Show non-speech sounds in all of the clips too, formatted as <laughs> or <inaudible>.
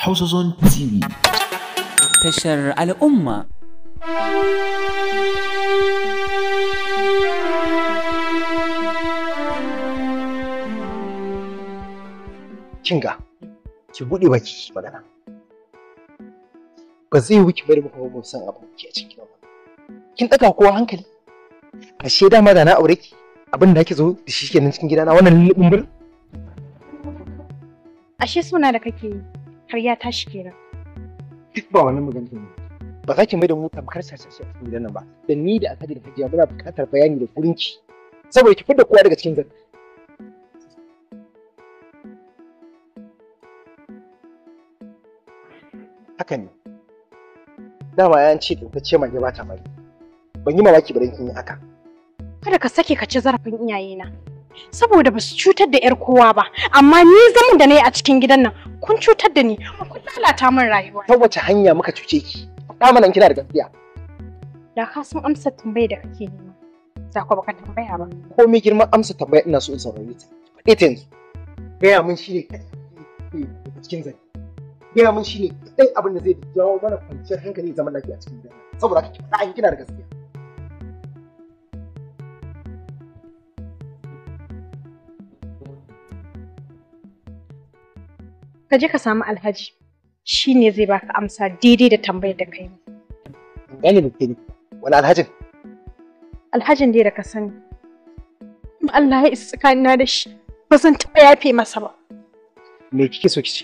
Hausa Zone TV. Tashar al'umma. Kinga, ki buɗe baki magana. Ba zai wuce bari muka ba san abu ke a cikin ba. Kin ɗaga kowa hankali? Ashe dama da na aure ki abin da ake zo da shi kenan cikin gidana wannan lullubin ashe suna da kake yi karya tashi kenan duk ba wannan magana ne ba za ki mai da mu tamkar sasashi a cikin gidan nan ba da ni da akadi da hajiya muna buƙatar bayani da kurinki saboda ki fidda kowa daga cikin zan haka ne dama ya ce ce mai ba ta mari ban yi mamaki ba dan kin yi haka kada ka sake ka ci zarafin iyayena saboda ba su cutar da 'yar kowa ba amma ni zaman da na yi a cikin gidan nan kun cutar da ni kun lalata min rayuwa ta wace hanya muka cuce ki da mana kina da gaskiya da ka san amsa tambayar da kake nema za ka baka tambaya ba ko mi girman amsa tambaya ina so in saurare ta faɗe ta yanzu gaya mun shi ne cikin zai gaya mun shi ne ɗai abin da zai jawo mana kwanciyar hankali zaman lafiya a cikin gidan saboda ka ki faɗa kina da gaskiya ka je ka samu alhaji shi ne zai baka amsa daidai da tambayar da kai Wani ba kiri wani alhajin alhajin dai da ka sani Allah ya isa tsakanina da shi ba zan taɓa yafe masa ba me kike so ki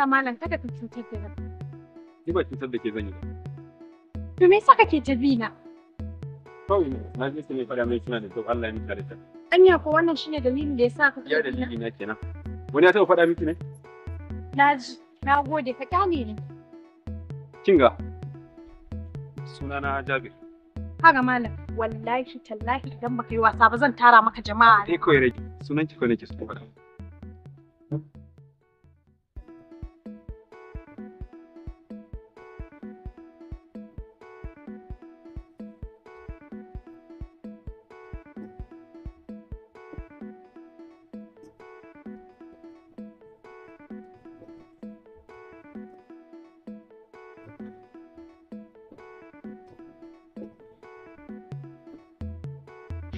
Allah malam kada ka cutar da ni. Ni ba cutar da ke zan yi ba. To me yasa kake jabi na? Kawai ne, na ji su ne fara mai suna da to Allah ya mika da ta. Anya ko wannan shine dalilin da yasa ka Ya dalili na kenan. Wani ya taɓa faɗa miki ne? Na ji, na gode ka kyale ni. Kinga. Sunana Jabir. Haka malam, wallahi tallahi idan baka yi wasa ba zan tara maka jama'a. Eh kawai rage, sunan ki ne nake su faɗa.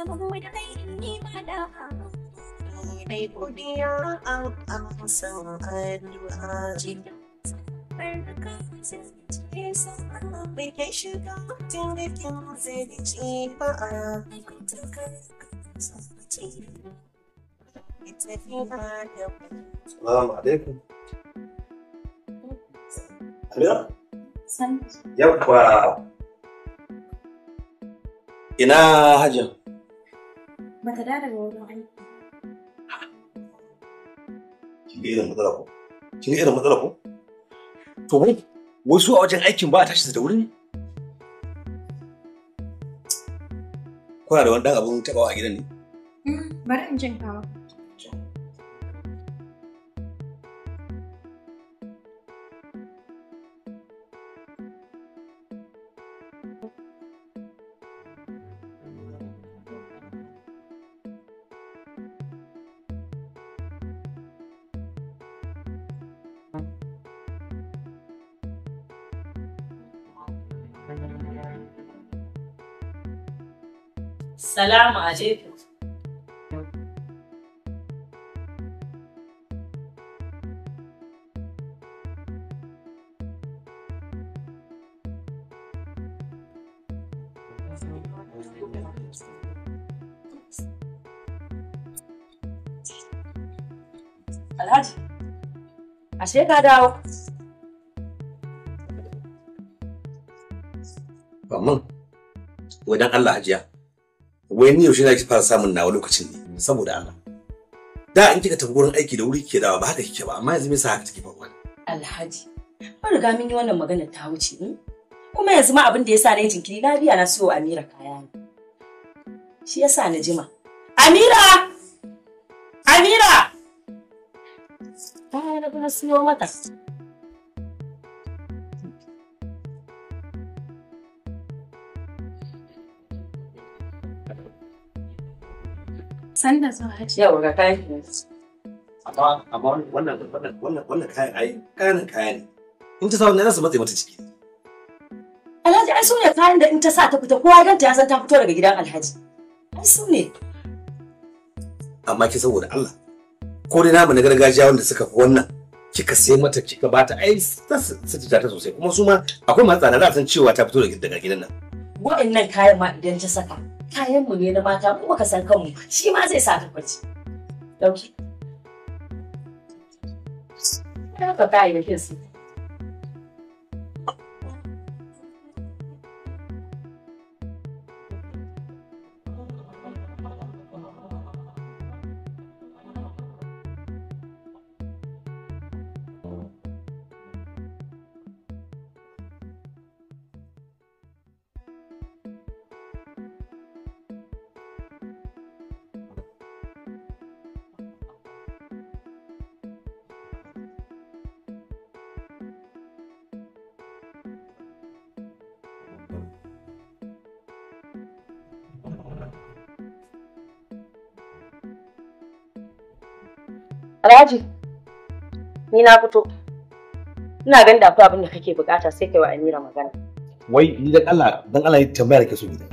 saboda kai ni ba da mai a amsan addu'a ce shiga tun da zai ba a kuntar Salamu alaikum. Ina hajjan. ba ta wurin aiki. Kin ga irin matsala ko? Kin ga irin matsala ko? To wai wai su a wajen aikin ba a tashi da wuri Kuna da wani ɗan abin taɓawa a gidan ne? Mm, bari in jin kawo. Salamu alaikum. Alhaji, ashe ka dawo. Maman, wadan Allah ajiya. wai ni yaushe zaki fara samun nawa lokacin ne saboda Allah da in kika tafi gurin aiki da wuri kike dawa ba haka kike ba amma yanzu me yasa haka take faruwa Alhaji ba riga mun yi wannan magana ta wuce ni hmm? kuma yanzu ma abin da yasa na yi jinkiri na biya na siyo Amira kaya ne shi yasa na jima Amira Amira ta na siyo mata Sanda zuwa hajji. Yau ga kayan Amma amma wannan wannan wannan wannan kayan ai kayan kayan In ta sa wannan za su matse mata ciki. Alhaji ai so ne kayan da in ta sa ta fita kowa ganta ya san ta fito daga gidan Alhaji. Ai so ne. Amma ki saboda Allah. Ko dai namu na gargajiya wanda suka fi wannan kika sai mata kika bata ai su ji ta sosai kuma su ma akwai masu tsada za san cewa ta fito daga gidan nan. Wa'annan kayan ma idan ta saka kayan mu ne na mata kuma ka san kanmu shi ma zai sa ka kwaci dauki haka kayayyakin su ni na fito ina ganin da akwai abin da kake bukata sai kai wa Amira magana wai ni dan Allah dan Allah ya tambaya da so gida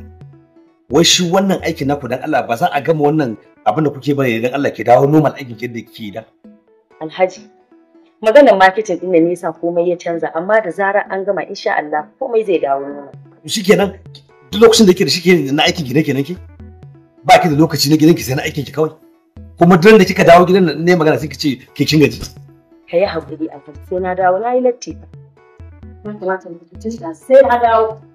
wai shi wannan aiki naku dan Allah ba za a gama wannan abin da kuke bane dan Allah ke dawo normal aikin ki da kike da Alhaji maganar marketing din ne yasa komai ya canza amma da zarar an gama insha Allah komai zai dawo normal shikenan duk lokacin da kike da shike na aikin ki kenan ki ba ki da lokaci na gidanki sai na aikin ki kawai kuma duk da kika dawo gidan ne magana sai ki ce ke kin gaji ka yi haƙuri a kan sai na dawo na yi latti ba. Ya kamata mu tun sai na dawo.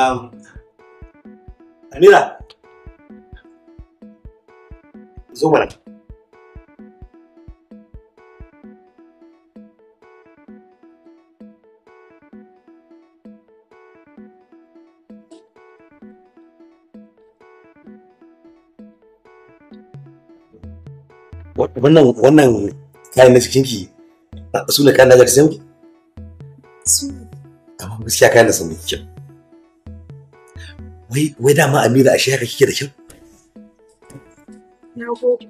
Um, Amira, zo mana. wannan wannan kayan na cikinki su ne kayan na jikinki? su amma gaskiya kayan na sun kyau wai wai dama Amira ashe haka kike da kyau na gode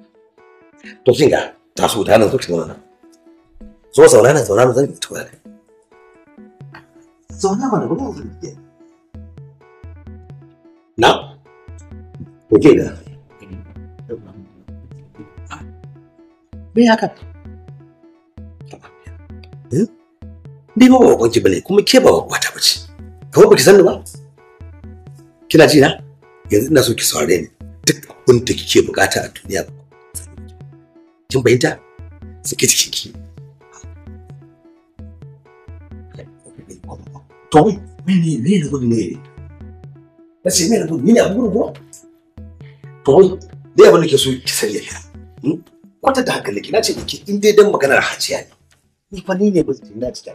to kinga ta so ta nan so kin nan so zauna nan zauna nan zan to da zauna mana ba mu zan na ko ke da me haka hmm? Ni ba wa kwanci bane kuma ke ba wa kwata bace. Kawai baki san ni ba? kina ji na yanzu ina so ki saurare ni duk abin da kike bukata a duniya kin bayyanta saki ciki ki to wai ne ne ne gudu ne na ce ne gudu ne abu gudu ko to dai abin da kike so ki sani ya hmm? kwata da hankali kina ce ki in dai dan maganar hajiya ne ni fa ni ne ba zai na ci ta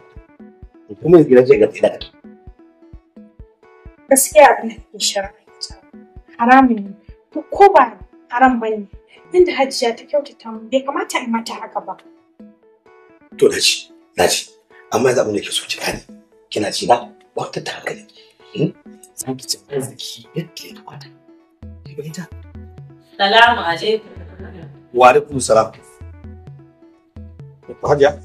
kuma yanzu na ce ga tsina gaskiya abin da kake shara haramun ne to ko ba haram ba ne inda hajiya ta kyautata mu bai kamata in mata haka ba to na ci na ci amma yanzu abin da ke so ki gane kina ci na ba ta ta hankali hmm? za ki ci arziki yadda ya kamata ki ta salamu alaikum wa alaikum salam hajiya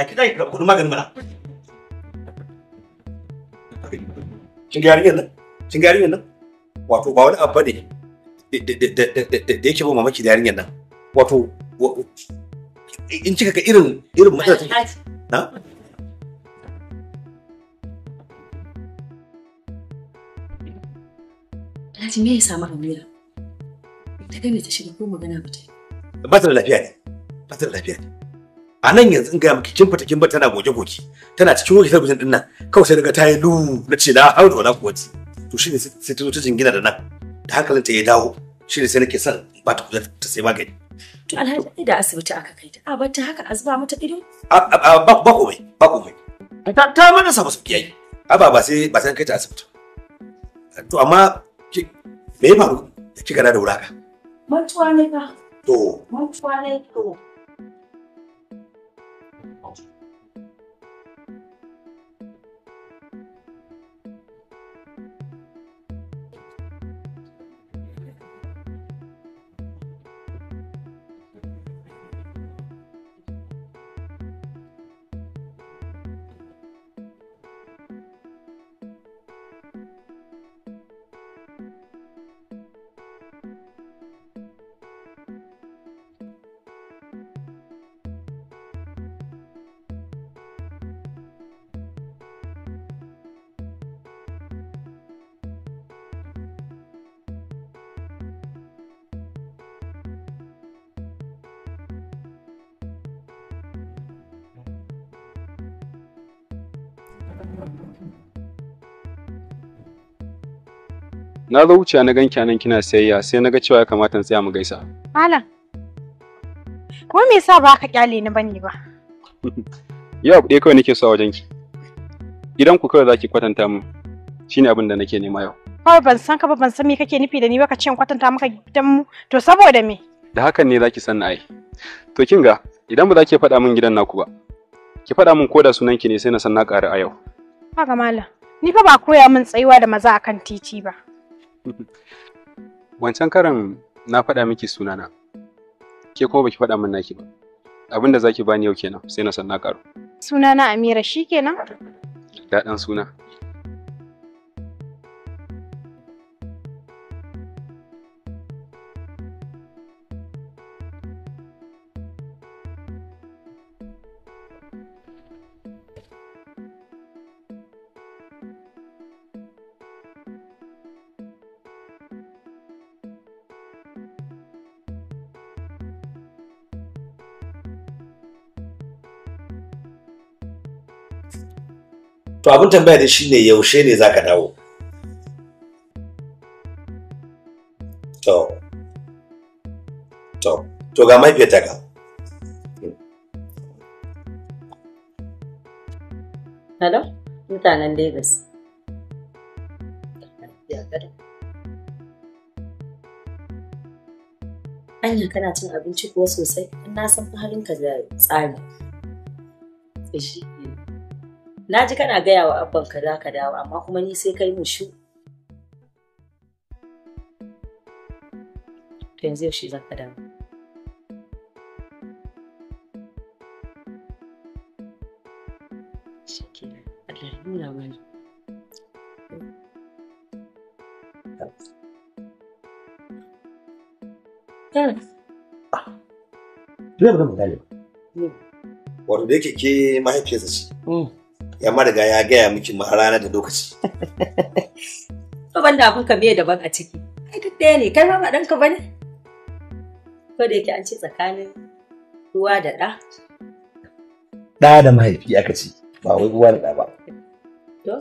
ya ki kai mana wato ba wani abu da yake ba mamaki da yarinyar nan wato in irin irin matsalar na Alhaji me ya samu Ramira? Ta gane ta shiga ko magana ba ta yi. Ba ta da lafiya ne. Ba ta da lafiya ne. a nan yanzu in ga miki kin fata kin ba tana goge goge tana cikin goge talabijin din nan kawai sai daga tayi lu na ce la haula wala quwwati to shine sai ta zo ta jingina da nan da hankalin ta ya dawo shine sai nake son ba ta kula ta sai magani to alhaji da asibiti aka kai ta a ba ta haka azuba mata ido ba ba komai ba komai ta ta mana sa musu kiyaye a ba ba sai ba san kai ta asibiti to amma me ya faru kika da wuraka mantuwa ne ka. to mantuwa ne to Na zo wuce na ganki anan kina sayayya sai na ga cewa ya kamata in tsaya mu gaisa. Malam. Ko me yasa ba ka kyale ni bane ba? <laughs> Yau ɗaya kawai nake so a ki. Gidan ku kawai zaki kwatanta mu. Shine abin da nake nema yau. Kawai ban san ka ba ban san me kake nufi da ni ba ka ce in kwatanta maka gidan mu. To saboda me? Da hakan ne zaki san ai. To kin ga idan ba za ki faɗa min gidan naku ba. Ki faɗa min ko da ki ne sai na san na ƙara a yau. Fa ga ni fa ba koya min tsayuwa da maza akan titi ba. <laughs> Wancan karan na faɗa miki sunana. Ke kuma baki faɗa min naki ba. Abinda zaki bani yau kenan sai na san na karo. Sunana Amira shikenan? dan suna. to abin tambaya da shine yaushe ne za ka dawo to to to ga mahaifiyarta ka hello mutanen Legas. Anya kana cin abinci kuwa sosai, na san fa halinka da tsari. na ji kana gaya wa abban ka za ka dawo amma kuma ni sai kai mushu to yanzu yaushe za ka dawo ya hmm. hmm. Wato da yake ke mahaifiyarsa ce. Hmm. ya mariga ya gaya miki ma rana da lokaci <laughs> to ban da ka me daban a ciki ai duk ɗaya ne kai ma ba ɗanka ko da yake an ce tsakanin uwa da ɗa ɗa da mahaifi aka ce ba wai uwa da ɗa ba to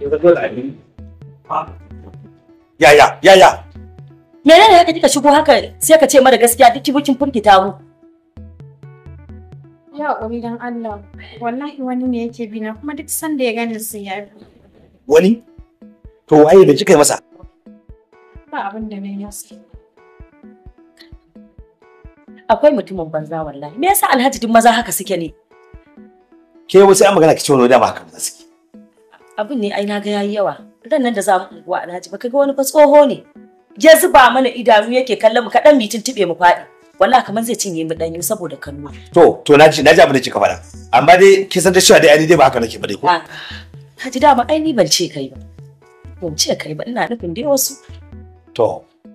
yanzu dole a yaya ah. yaya haka kika shigo haka sai ka ce mara gaskiya duk cikin firgita mu ya hakuri dan Allah wallahi wani ne yake bi na kuma duk sanda ya gani sai ya bi wani to waye da kika yi masa ba abin da ne ya akwai mutumin banza wallahi me yasa alhaji duk maza haka suke ne ke wasu an magana ki ce wani dama haka suke abin ne ai na ga yayi yawa dan nan da za mu unguwa alhaji ba ka ga wani fa tsoho ne ya zuba mana idanu yake kallon mu kaɗan mitin tube mu fadi wallahi kamar zai cinye mu danyu saboda kanuwa. to to na ji na ji abin da kika faɗa amma dai ki san da cewa dai ai dai ba haka nake ba dai ko na ah, ji dama ai ni ban ce kai ba ban ce kai ba ina nufin dai wasu to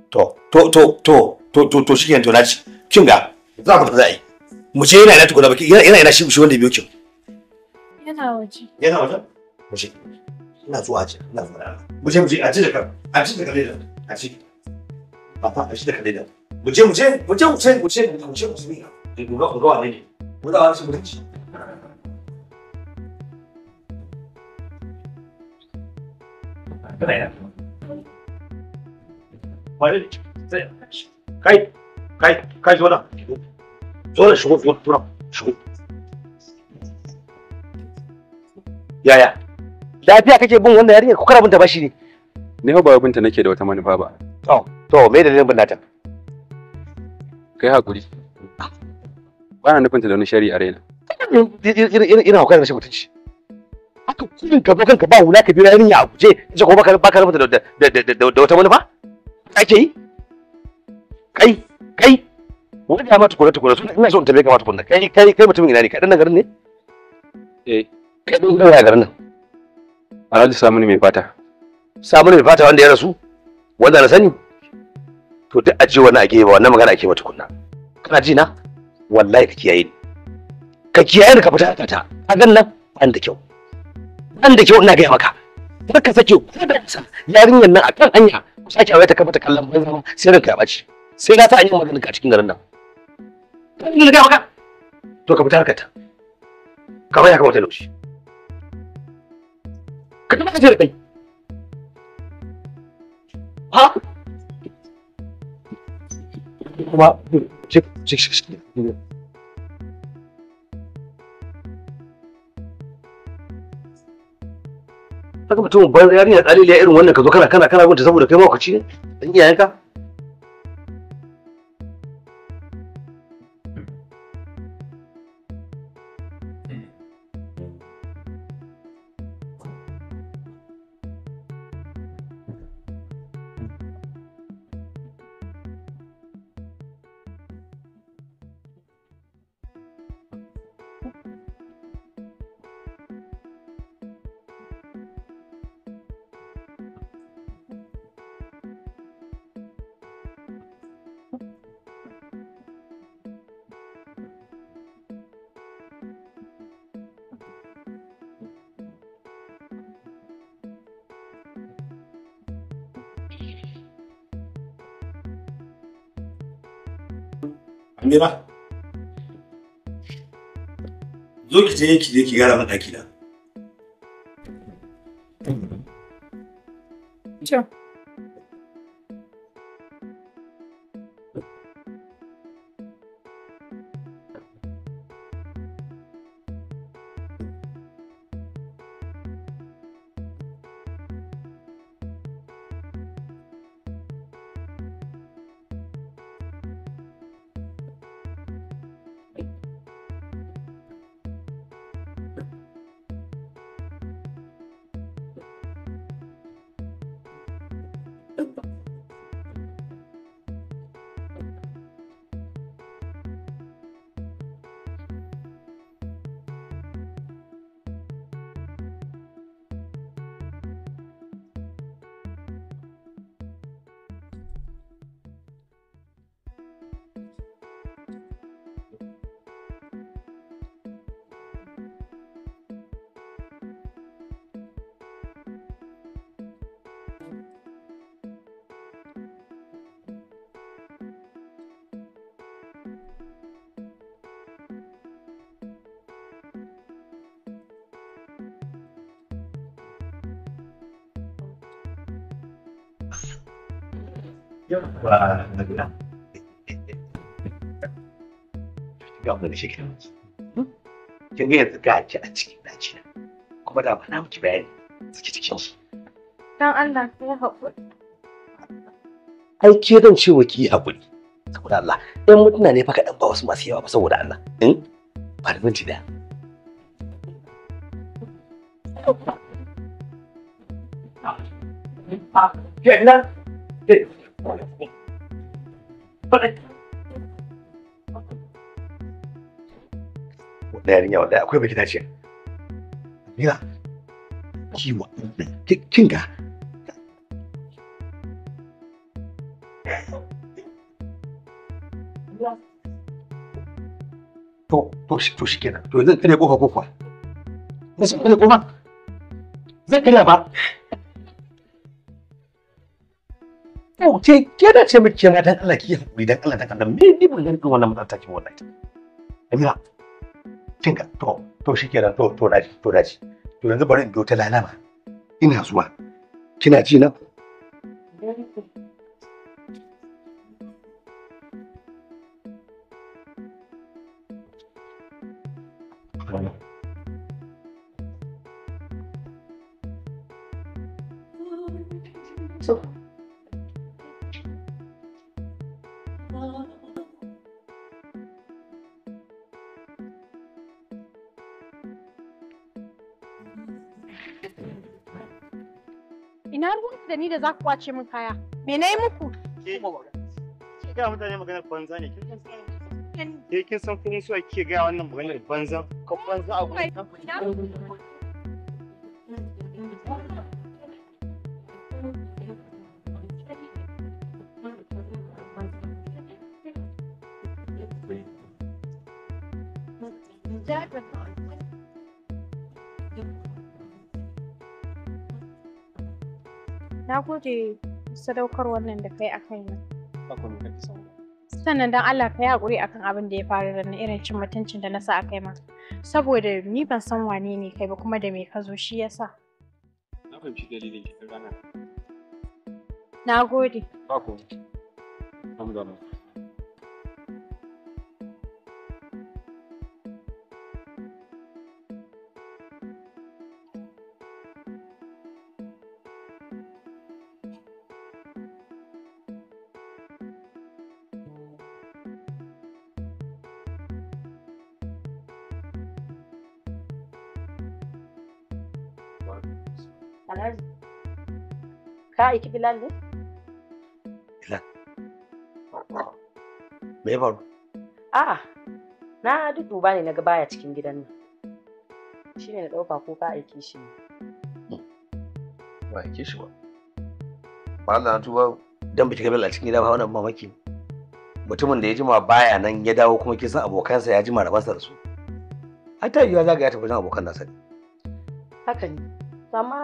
to to to to to to to shi to na ji kin ga za mu tafi mu ce yana ina tukuna ba yana yana shi wanda biyo kin yana waje yana waje muje muje muje da kan aji da kan da aji lafiya kake bin wannan yarinyar ko karabunta ba shi ne ne ba ta nake da wata manufa ba to to me dalilin bin nata kai hakuri ba na nufinta da wani shari a raina ina hukar shi mutunci haka kullum ka zo kanka ba wula ka biyo yarinya a guje ita ko ba ka rubuta da da wata manufa ake yi kai kai wani da ma tukura tukura suna ina so in tabe ka ma tukunna kai kai kai mutumin ina ne kai dan garin ne eh kai dan garin nan Alhaji ne mai fata. ne mai fata wanda ya rasu? Wanda na sani? To duk a ce wani a gefe wannan magana ake mata kunna. Kana ji na? Wallahi ka kiyaye ni. Ka kiyaye ni ka fita ta ta. A gan nan an da kyau. An da kyau ina gaya maka. Kar ka sake ku da sa yarinyar nan akan hanya ku sake aure ta ka mata kallon banza sai ranka ya baci. Sai na ta an yi magana ka cikin garin nan. Kan ni ga maka. To ka fita ka ta. Ka ya ka mata lokaci. ka taɓa kashe da kai ha kuma cik cik cik haka mutum ban yarinya tsaliliya irin wannan ka zo kana kana kana gunta saboda kai ma ku ci iyayenka Amira. Zo ki je ki je ki gara mata ɗaki はなくな ga mu da yanzu a cikin na kuma da ba na miki bayani suke cikin su dan Allah ki haƙuri saboda Allah ɗan mutuna ne fa kaɗan ba wasu masu yawa ba saboda Allah ba da minti da Kenan, yarinya wallahi akwai baki ce nila kiwa kin ga to to shi to shi kenan to yanzu kare kofa ko kuwa shi kare kofa zan kare ba to ke da ce miki kenan dan Allah ki hakuri dan Allah dan Allah me ni ban ganin wannan matsala take wallahi Amira kin to to to shikenan to to daji to daji to yanzu bari in biyo ta lalama ina zuwa kina ji na So da ni da za ku kwace min kaya. Me na yi muku? Ke ga mutane maganar banza ne. Ke kin san kuma su ake ga wannan maganar banza? Ko banza a gurin gode sadaukar wannan da kai a kaina. Sannan don Allah ka yi haƙuri akan abin da ya faru da na irin cin mutuncin da na sa a kai ma. Saboda ni ban san wane ne kai ba kuma da me ka zo shi ya sa. Na fahimci dalilin ki gana. Na gode. Ba ku. Hamdana. Ka aiki Bilal ne? Bilal. Me ya faru? A'a, na duba ne na ga baya cikin gidan nan. Shi ne na ɗauka ko ka aiki shi ne. Ba aiki shi ba. Ba Allah na tuba dan ba ki Bilal a cikin gida ba wannan mamaki. Mutumin da ya jima baya nan ya dawo kuma kisan abokansa ya jima rabarsa da su. Hatta yiwuwa za ga ya tafi wajen abokan nasa ne. Haka ne. Amma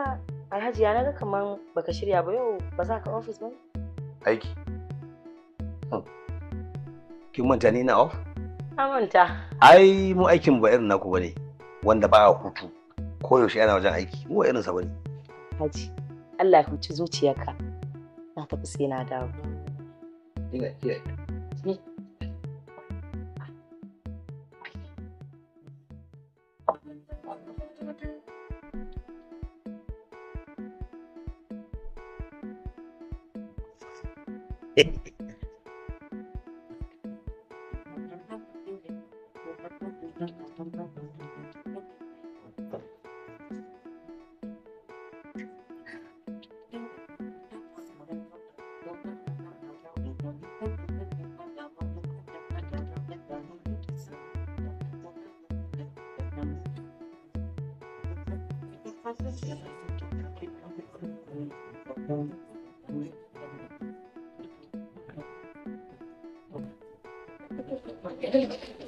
Alhaji ya naga kaman baka shirya ba yau ba za ka ofis ba? Aiki. Hmm. Kin manta ni na off? Na manta. Ai mu aikin ba irin naku bane wanda ba hutu. Ko yaushe ana wajen aiki. Mu irin sa bane. Haji, Allah ya huci zuciyarka. Na tafi sai na dawo. Ina kiyaye. Thank you.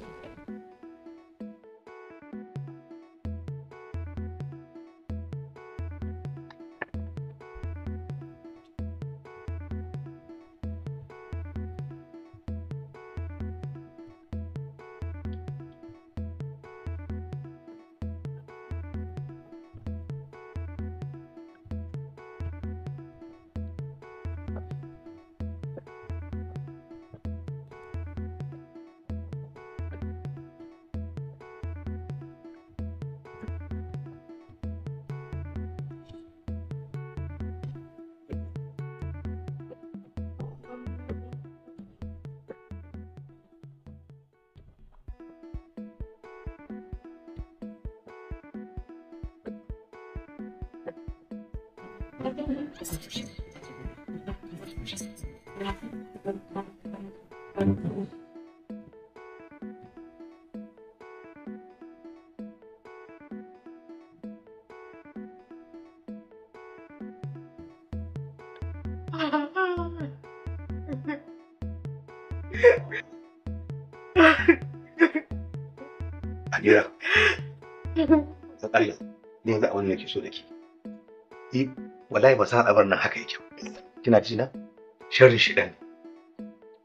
Adira, <laughs> Allah, ni yanzu abin da nake so da ke. wallahi ba san nan haka yake. Kina ji na? Sharrin shi ɗan.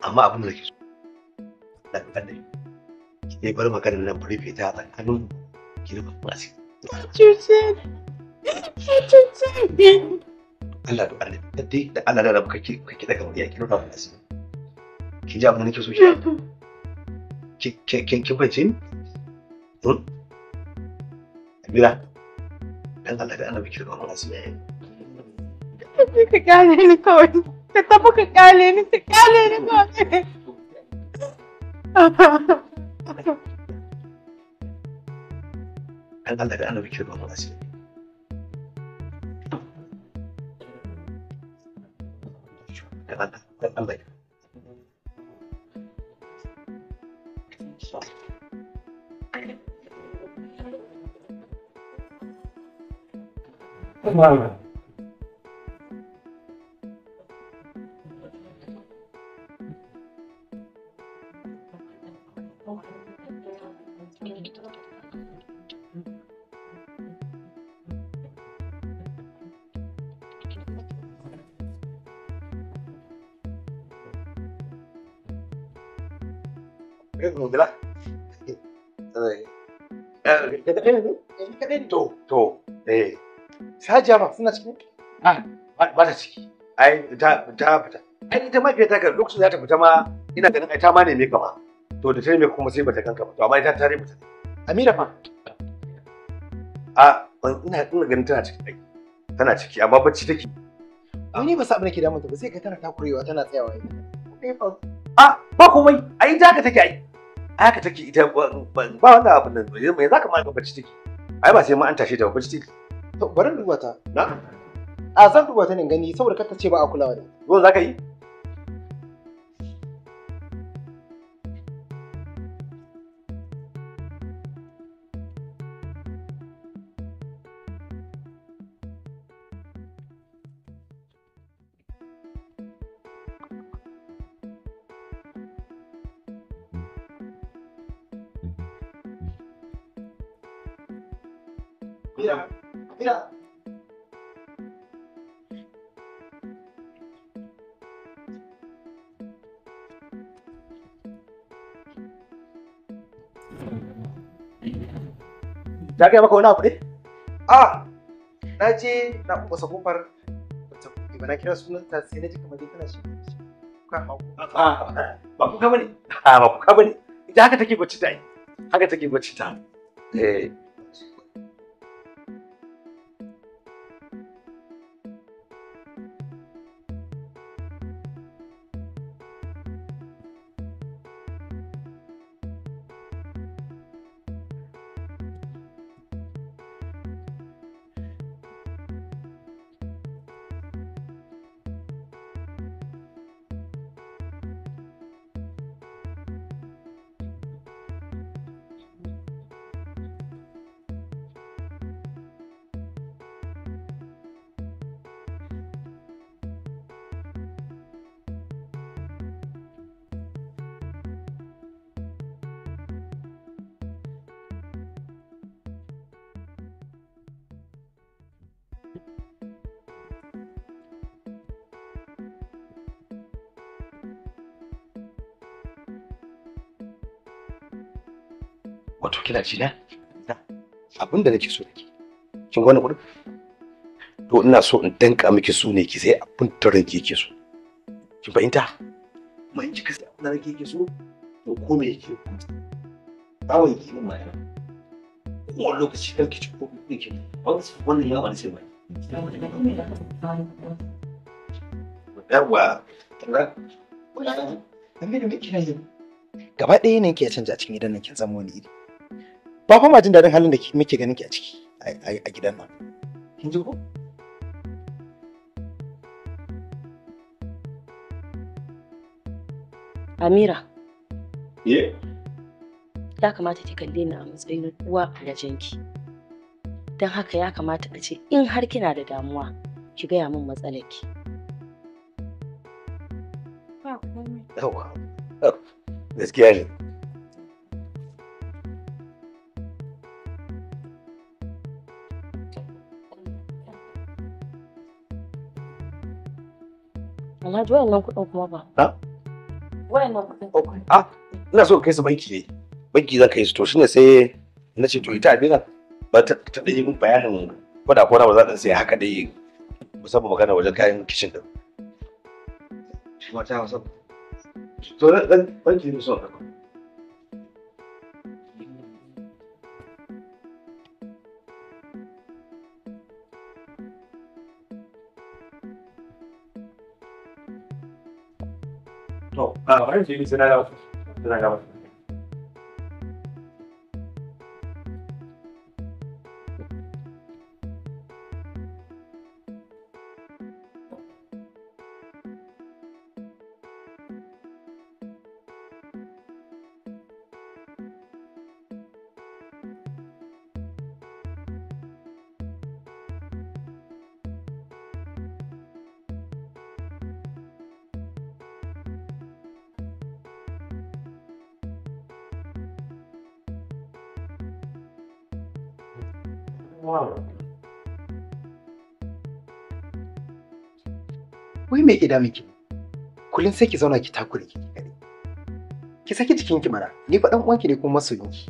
Amma abin da ke so. Da Ki bar bari fita a tsakanin ki Allah da Allah, da Allah da rabu kake kake daga wani yaki Kin ji abin da nake so ni Bila dan Allah da annabi ki zama mun asiri ka kyale ni kawai ka tafi ka kyale ni ka kyale ni kawai dan Allah da annabi ki dan Allah dan Allah Mama. Mudra. eh. Sajiya ba suna ciki? A ba ta ciki. Ai ta ta fita. Ai ita ma ta kan lokacin za ta fita ma ina ganin ai ta ma neme ka ba. To da ta neme kuma sai ta kanka ba. To amma ita ta ta. Amira fa. A ina ina ganin tana ciki. Tana ciki amma bacci take. Ni ba sa abin da ke damunta ba sai ka tana takurewa tana tsayawa. A ba komai ai ta haka take ai. Haka take ita ba wannan abin nan yanzu za ka ma bacci take. Ai ba sai ma an tashe ta ba bacci take. To bari duba Na? A zan dubata ne gani saboda kar ta ce ba a kulawa da. Ruwan za ka yi? Na gaya maka wani abu ne? A ah, na je na kusa kofar wata kuma na kira sunan ta sai na ji kamar dai tana shi. Ah, ba ku ka bane? A ah, ba ku ka bane? Ita haka take bacci ta yi. Haka take ta. Eh. masallaci na abin da nake so da ke kin ga wannan kuɗin to ina so in danka miki su ne ki sai abin da ranki yake so kin fahimta mun ji kasi abin da nake yake so to ko me yake bawon ki mun mai ko lokaci kan ki ci ko ki wannan ya wani sai mai yawa tara gaba ɗaya ne ke canja cikin gidan nan kin zama wani iri ba kuma ma jin daɗin halin da muke ganin ki a ciki a gidan nan kin ji ko Amira. Ye? Ya kamata ki kalle ni a matsayin uwa a ki. Don haka ya kamata a ce in har kina da damuwa ki gaya min matsalarki. Ba komai. Gaskiya ne. Alhaji kuɗin kuma ba. kuɗin. Ah, ina so kai su banki ne. Banki za ka yi su to shine sai na ce to ita Amina ba ta ta ɗanyi min bayanin kuɗa na ba za ta sai haka dai musamman magana wajen kayan kishin din. Shi ma ta hausa. To dan banki ne so 啊，反正迎徐现在要，现在要。yake damun ki kullum sai ki zauna ki takure ki kare ki saki jikin ki mana ni fa dan ki ne kuma masoyin ki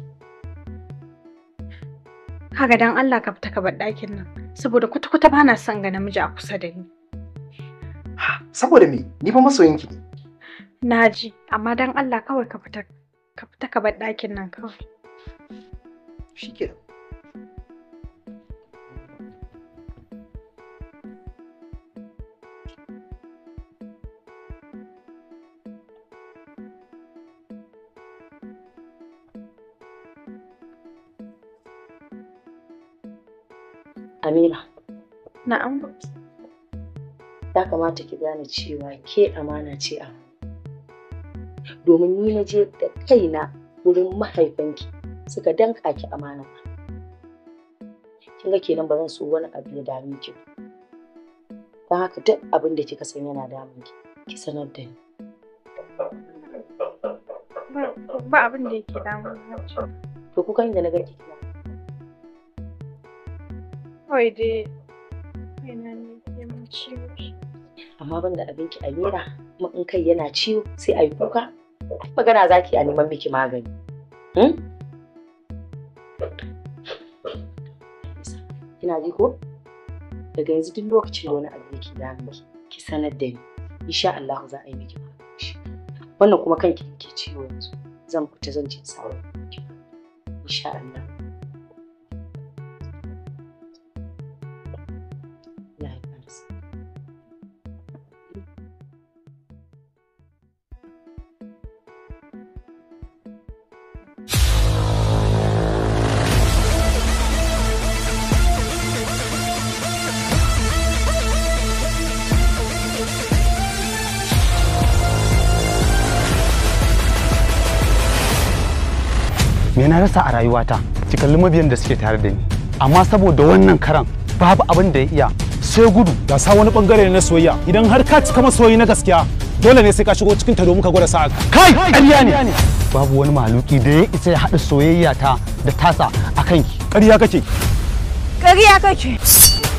kaga dan Allah ka fita ka bar dakin nan saboda kwata kwata bana son ga namiji a kusa da ni saboda me ni fa masoyin ki ne naji amma dan Allah kawai ka fita ka fita ka bar dakin nan kawai shikenan kamata ki gane cewa ke amana ce a domin ni na je da kaina wurin mahaifanki suka danka ki amana kin ga kenan ba zan so wani abu ya dame ki don haka duk abin da kika san yana damun ki ki sanar da ni ba abin da yake damun to kuka inda na ga kina kawai dai kaina ne ke mun ciwo amma banda abinki amira kuma in kai yana ciwo sai a yi kuka magana zaki a neman miki magani hmm? kina ji ko daga yanzu duk lokacin da wani abu yake miki ki sanar da ni insha Allah za a yi miki magani wannan kuma kanki ke ciwo yanzu zan fita zan je sawa insha Allah ina na rasa a rayuwata ki limabiyan da suke tare da ni amma saboda wannan karan babu abin da ya iya sai gudu da sa wani bangare na soyayya idan har ka cika masoyi na gaskiya dole ne sai ka shigo cikin ta domin ka gwada sa'a kai ƙarya ne babu wani maluki da ya isa ya haɗa soyayya ta da tasa a kanki ƙarya kake ƙarya kake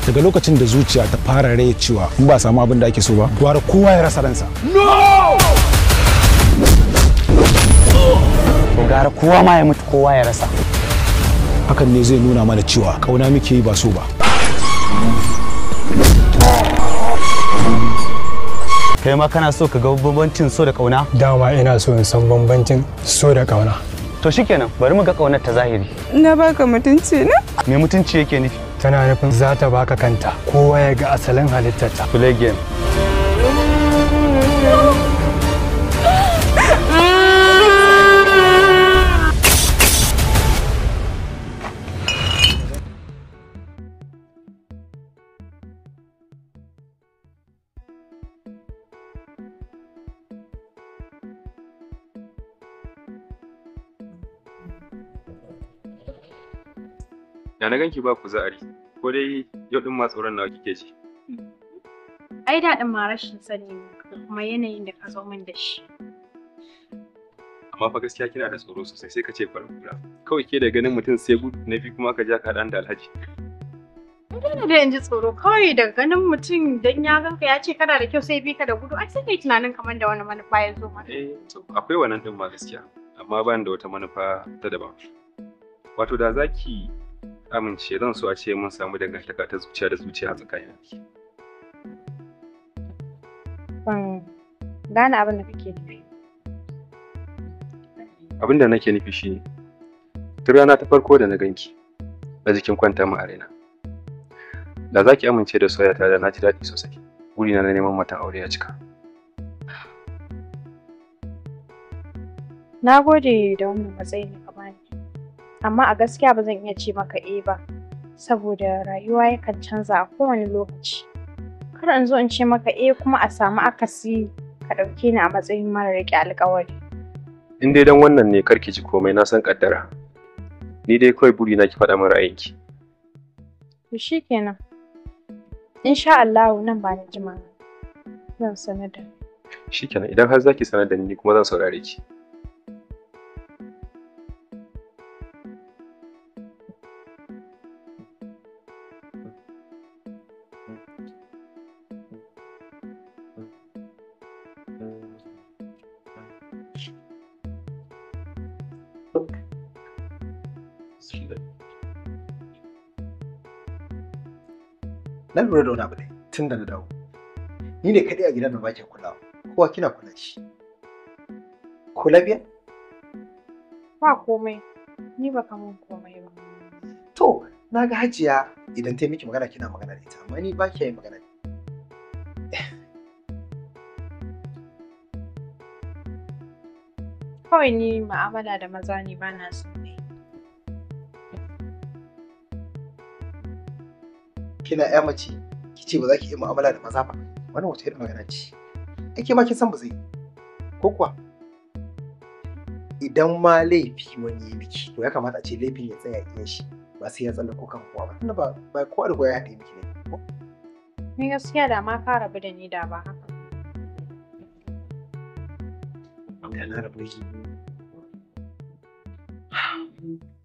daga lokacin da zuciya ta fara raya in ba samu abin da ake so ba gwara kowa ya rasa ransa no to gara kowa ma ya mutu kowa ya rasa hakan ne zai nuna mana cewa kauna muke yi ba so ba kai ma kana so ka ga bambancin so da kauna dama ina so in san bambancin so da kauna to shikenan bari mu ga kaunar ta zahiri na baka mutunci ne? me mutunci yake nufi tana nufin za ta baka kanta kowa ya ga asalin halittarta play game na ganki ba kuzari ko dai yau din ma tsoron nawa kike ji ai daɗin ma rashin sani ne kuma yanayin da ka zo min da shi amma fa gaskiya kina da tsoro sosai sai ka ce kula. kawai ke da ganin mutum sai gudu na fi kuma ka ja ka da alhaji Ina da in ji tsoro kawai da ganin mutum dan ya ganka ya ce kana da kyau sai bi ka da gudu ai sai kai tunanin kamar da wani manufa ya zo ma eh to akwai wannan din ma gaskiya amma ba da wata manufa ta daban wato da zaki amince zan so a ce mun samu dangantaka ta zuciya da zuciya a tsakanin ban gane abin da kake nufi abin da nake nufi ne. tun rana ta farko da na ganki a jikin kwanta mu a raina da za ki amince da soyayya tare da na ji daɗi sosai burina na neman mata aure ya cika na gode da wannan matsayin amma a gaskiya ba zan iya ce maka eh ba saboda rayuwa yakan canza a kowane lokaci kar in zo in ce maka eh kuma a samu akasi ka ɗauke ni a matsayin mara riƙe alƙawari in dai dan wannan ne kar ki ji komai na san kaddara ni dai kawai buri na ki faɗa min ra'ayinki to shikenan insha Allah nan ba ni jima zan sanar da shikenan idan har zaki sanar da ni kuma zan saurare ki na lura da wani abu ne tun da na dawo ni ne kaɗai a gidan da baki kulawa kowa kina kula shi ko lafiya ba komai ni ba kaman komai ba to na ga hajiya idan ta yi miki magana kina magana da ita amma ni ba ki yi magana kawai ni ma'amala da maza ne ba na so kina ya mace ki ce ba za ki iya mu'amala da maza ba wannan wata irin magana ce ke ma kin san ba zai ko kuwa idan ma laifi wani ya miki to ya kamata a ce laifin ya tsaya iya shi ba sai ya ko kan kowa ba tunda ba ba kowa da kowa ya haɗe miki ne ko ni gaskiya da ma fara bi da ni da ba haka da na rabu da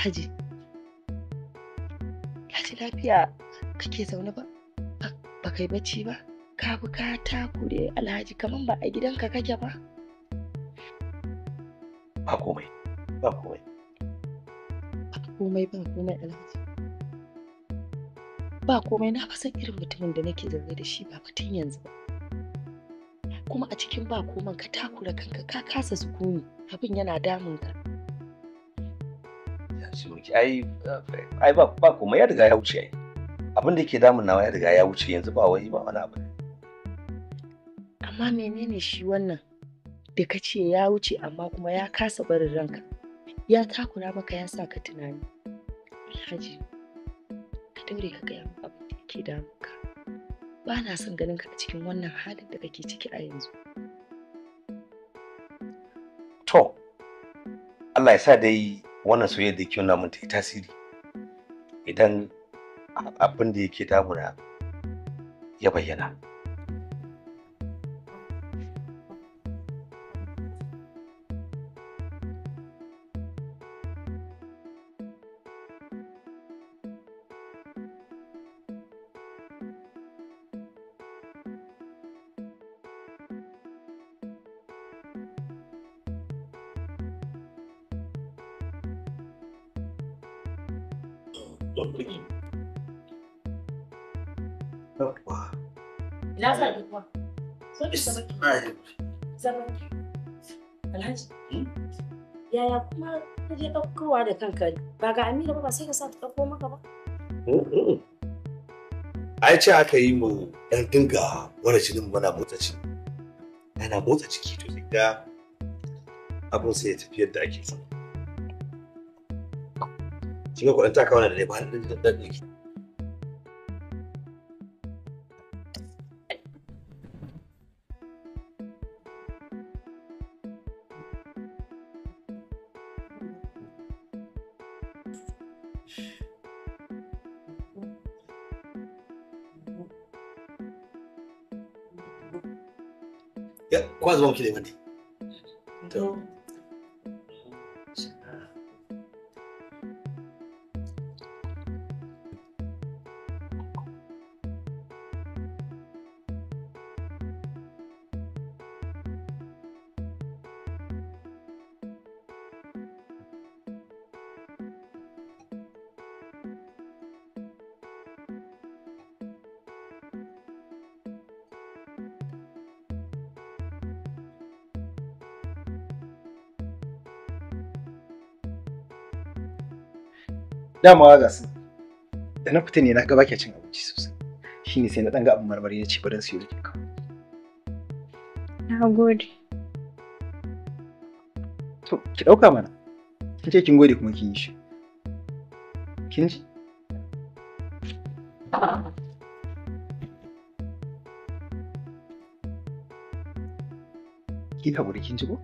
Alhaji. Alhaji lafiya kake zaune ba? Ba kai bacci ba? Ka bukata kure Alhaji kaman ba a gidanka kake ba? Ba komai, ba komai. Ba komai ba komai Alhaji. Ba komai na fasan irin mutumin da nake zaune da shi ba mutum yanzu ba. Kuma a cikin ba koman ka takura kanka ka kasa sukuni abin yana damun ka. ce ai ba ba kuma ya riga ya wuce ai abin da yake damun nawa ya riga ya wuce yanzu ba wai ba wani abu amma menene shi wannan da ka ce ya wuce amma kuma ya kasa barin ranka ya takura maka ya sa ka tunani alhaji ka daure ka gaya min abin da yake ka. ba na son ganin ka a cikin wannan halin da kake ciki a yanzu to Allah ya sa dai wannan soyayya da yake nuna mun ta yi tasiri idan abin da yake damuna ya bayyana ba ga Amira ba sai ka sa ta ɗauko maka ba. Ai ce aka yi mu ɗan dinga wani jinin muna motsa ciki. Ana motsa ciki to sai ga abin sai ya tafi yadda ake so. Shi ga kuɗin takawa na da ne ba ɗan ɗan ɗan が起きてくる。dama ga su da na fita ne na gaba ke cin abinci sosai shine sai na dan ga abin marmari na ce bari su yi ki kawo na gode to ki dauka mana kin ce kin gode kuma kin yi shi kin ji ki haƙuri kin ji ko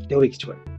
ki daure ki ci wani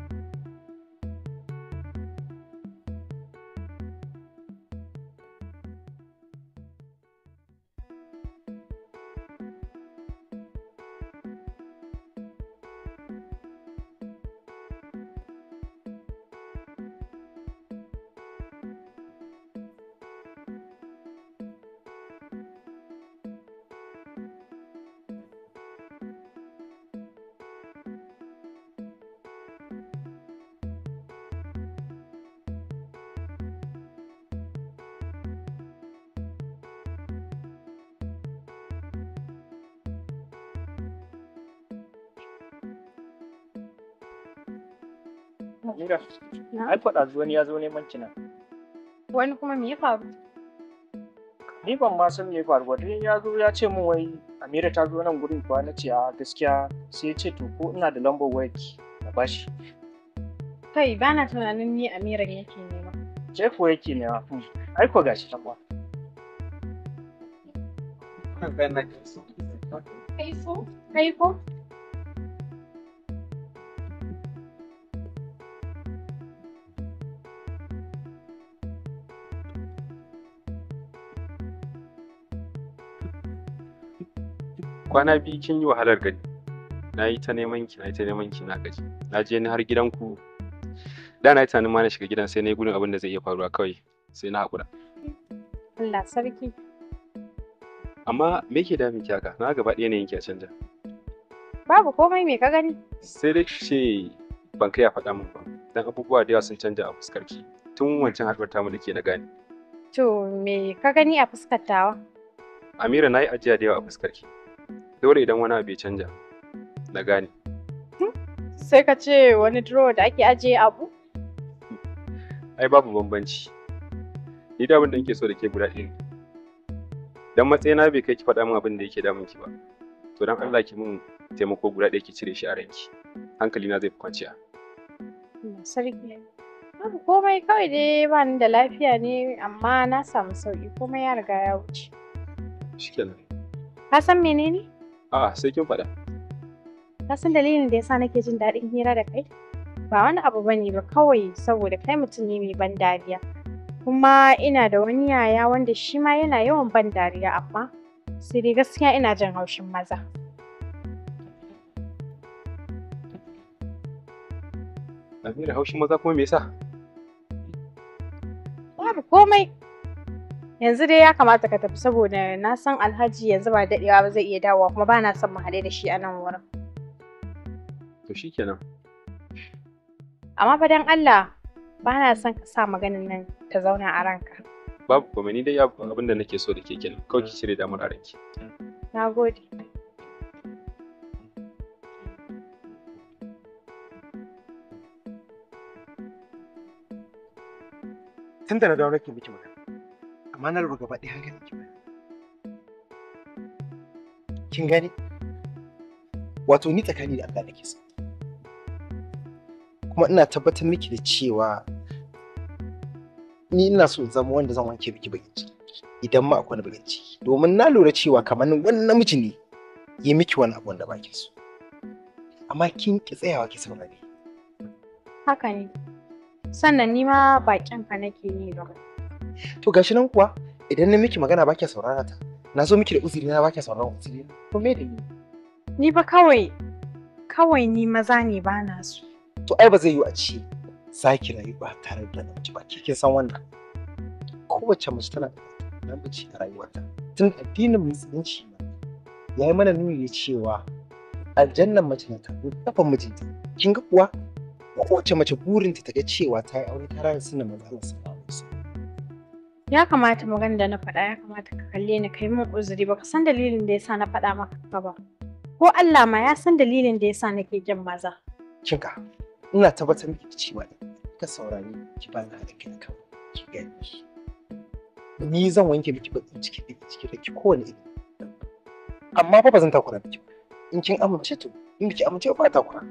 Mira, ai faɗa wani ya zo neman cina. Wani kuma me ya faru? Ni ban ma san me ya faru ba, ya zo ya ce min wai Amira ta zo nan gurin kuwa na ce a ah, gaskiya sai ya ce to ko ina da lambar wayarki na bashi. Kai ba na tunanin ni Amira ne yake nema. Ce ko yake nema? Hmm. Ai ko gashi ta kuwa. Kai so? Kai so? Kai ko? kwana biyu kin yi wahalar gani na yi ta neman ki na yi ta neman ki na gaji na je ni har gidanku da na yi tunanin ma na shiga gidan sai na yi gudun abin da zai iya faruwa kawai sai na haƙura Allah sarki amma me ke damin ki haka na gaba ɗaya ne yanki a canja babu komai me ka gani sai dai ce ban kai a faɗa min ba dan abubuwa da yawa sun canja a fuskar ki tun wancan haɗuwar tamu da ke na gane to me ka gani a fuskar tawa Amira na yi ajiya da yawa a fuskar ki dole idan wani abu ya canja na gane sai ka ce wani drawer da ake ajiye abu ai babu bambanci ni da da nake so da ke guda ɗaya dan matsayina bai kai ki faɗa min abin da yake damun ki ba to dan Allah ki mun taimako guda ɗaya ki cire shi a ranki hankali na zai fi kwanciya sarki babu komai kawai dai ba ni da lafiya ne amma na samu sauki komai ya riga ya wuce shikenan ka san menene A sai kin faɗa. Ka san dalilin da yasa nake jin daɗin hira da kai? Ba wani abu bane ba kawai saboda kai mutum ne mai ban dariya. Kuma ina da wani yaya wanda shi ma yana yawan ban dariya amma sai dai gaskiya ina jin haushin maza. Amira haushin maza kuma me yasa? Babu komai yanzu dai ya kamata ka tafi saboda na san alhaji yanzu ba daɗewa ba zai iya dawowa kuma ba na son mu haɗe da shi a nan wurin. To shi kenan. Amma fa don Allah ba na son ka sa maganin nan ta zauna a ranka. Babu kuma ni dai abin da nake so da ke kenan kawai ki cire damar a ranki. Na gode. Tun da na dawo nake miki magana. na lura gaba ɗaya da ki kin gane wato ni tsakani da Allah nake so kuma ina tabbatar miki da cewa ni ina so zama wanda zan wanke miki bakin ciki idan ma akwai bakin ciki domin na lura cewa kamar wani namiji ne ya miki wani abu wanda baki so amma kin ki tsayawa ki saurare haka ne sannan ni ma bakin ka nake ne ba To gashi nan kuwa idan na miki magana baki saurara ta. Na zo miki da uzuri na baki saurara uzuri To me da ni? Ni ba kawai kawai ni maza ne ba na su. To ai ba zai yi a ce za ki rayu ba tare da namiji ba ke kin san wannan. Kowace mace tana da namiji a rayuwarta. Tun addinin musulunci ma ya yi mana nuni ne cewa aljannan mace na tabo tafa mijinta. Kin ga kuwa kowace mace burinta ta ga cewa ta yi aure ta da sunan manzon Allah. ya kamata magana da na faɗa ya kamata ka kalle ni kai min uzuri ba ka san dalilin da yasa na faɗa maka ba ko Allah ma ya san dalilin da yasa nake jin maza kika ina tabbatar miki cewa ka saurari ki ba na haɗin ka ki gani ni zan wanke miki bakin ciki da ciki da ki kowane iri amma fa ba zan takura miki in kin amince to in miki amince ba takura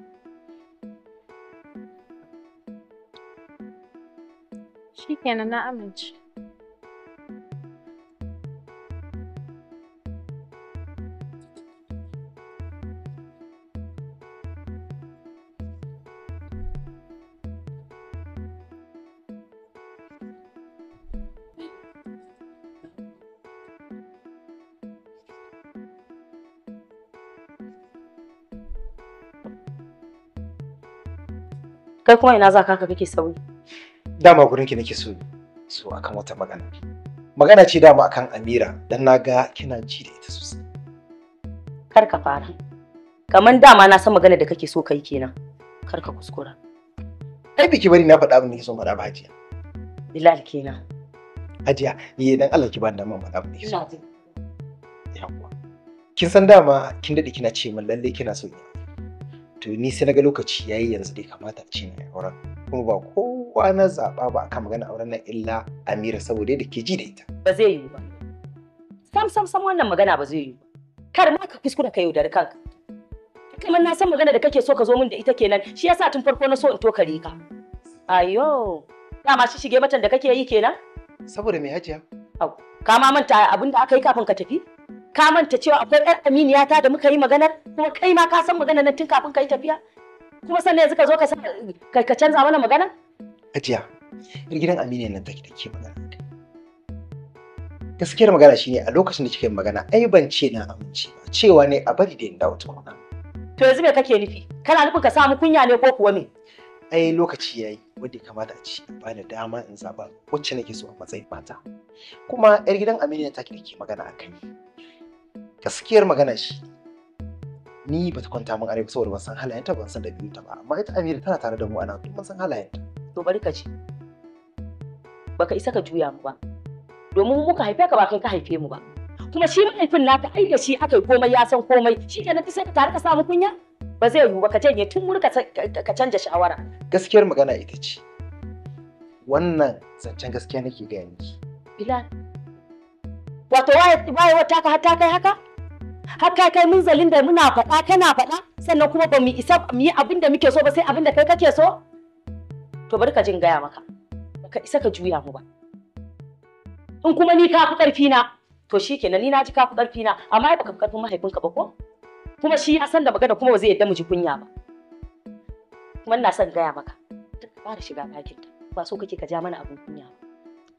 shikenan na amince kai kuma ina za ka haka kake sauri dama gurin ki nake so so akan wata magana magana ce dama akan Amira dan na ga kina ji da ita sosai kar ka fara kaman dama na san magana da kake so kai kenan kar ka kuskura ai biki bari na faɗa abin da so faɗa ba hajiya Bilal kenan hajiya ni eh, dan Allah ki bani dama faɗa abin da ji. so kin san dama kin dade kina ce min lalle kina so ni to ni sai naga lokaci yayi yanzu da ya kamata a ce na auren kuma ba kowa na zaɓa ba akan magana auren nan illa Amira saboda da ke ji da ita ba zai yiwu ba sam sam sam wannan magana ba zai yiwu ba kar ma ka kuskura ka yaudari kanka kamar na san magana da kake so ka zo min da ita kenan shi yasa tun farko na so in tokare ka ayo dama shi shige matan da kake yi kenan saboda me hajiya ka ma manta abinda da aka yi kafin ka tafi ka manta cewa akwai yar aminiyata da muka yi maganar kuma kai ma ka san maganar nan tun kafin ka yi tafiya kuma sannan yanzu ka zo ka ka canza mana magana ajiya yar gidan aminiya nan take take magana gaskiyar magana shine a lokacin da kike magana ai ban ce na amince ba cewa ne a bari da inda dawo kuma to yanzu me kake nufi kana nufin ka samu kunya ne ko kuwa me ai lokaci yayi wanda ya kamata a ci ba da dama in zaba wacce nake so a matsayin mata kuma yar gidan aminiya take da ke magana akai gaskiyar magana shi ni ba ta kwanta min arewa saboda ban san halayenta ban san dabi'unta ba amma ita Amira tana tare da mu ana to ban san halayenta to bari ka ce baka isa ka juya mu ba domin mu muka haife ka ba kai ka haife mu ba kuma shi mahaifin naka ai da shi aka yi komai ya san komai shi kenan ta sai ka tare ka samu kunya ba zai yiwu ba ka janye tun murka ka canja shawara gaskiyar magana ita ce wannan zancen gaskiya nake gaya miki Bilal wato waye wata ka ta kai haka har ta kai zalin da muna faɗa kana faɗa sannan kuma ba mu isa mu yi abin da muke so ba sai abin da kai kake so to bari ka jin gaya maka ka isa ka juya mu ba in kuma ni ka fi ƙarfi na to shikenan ni na ji ka fi ƙarfi na amma baka fi ƙarfin mahaifinka ba ko kuma shi ya san da magana kuma ba zai yadda mu ji kunya ba kuma ina son gaya maka ka fara shiga ɗakin ta ba so kake ka ja mana abin kunya ba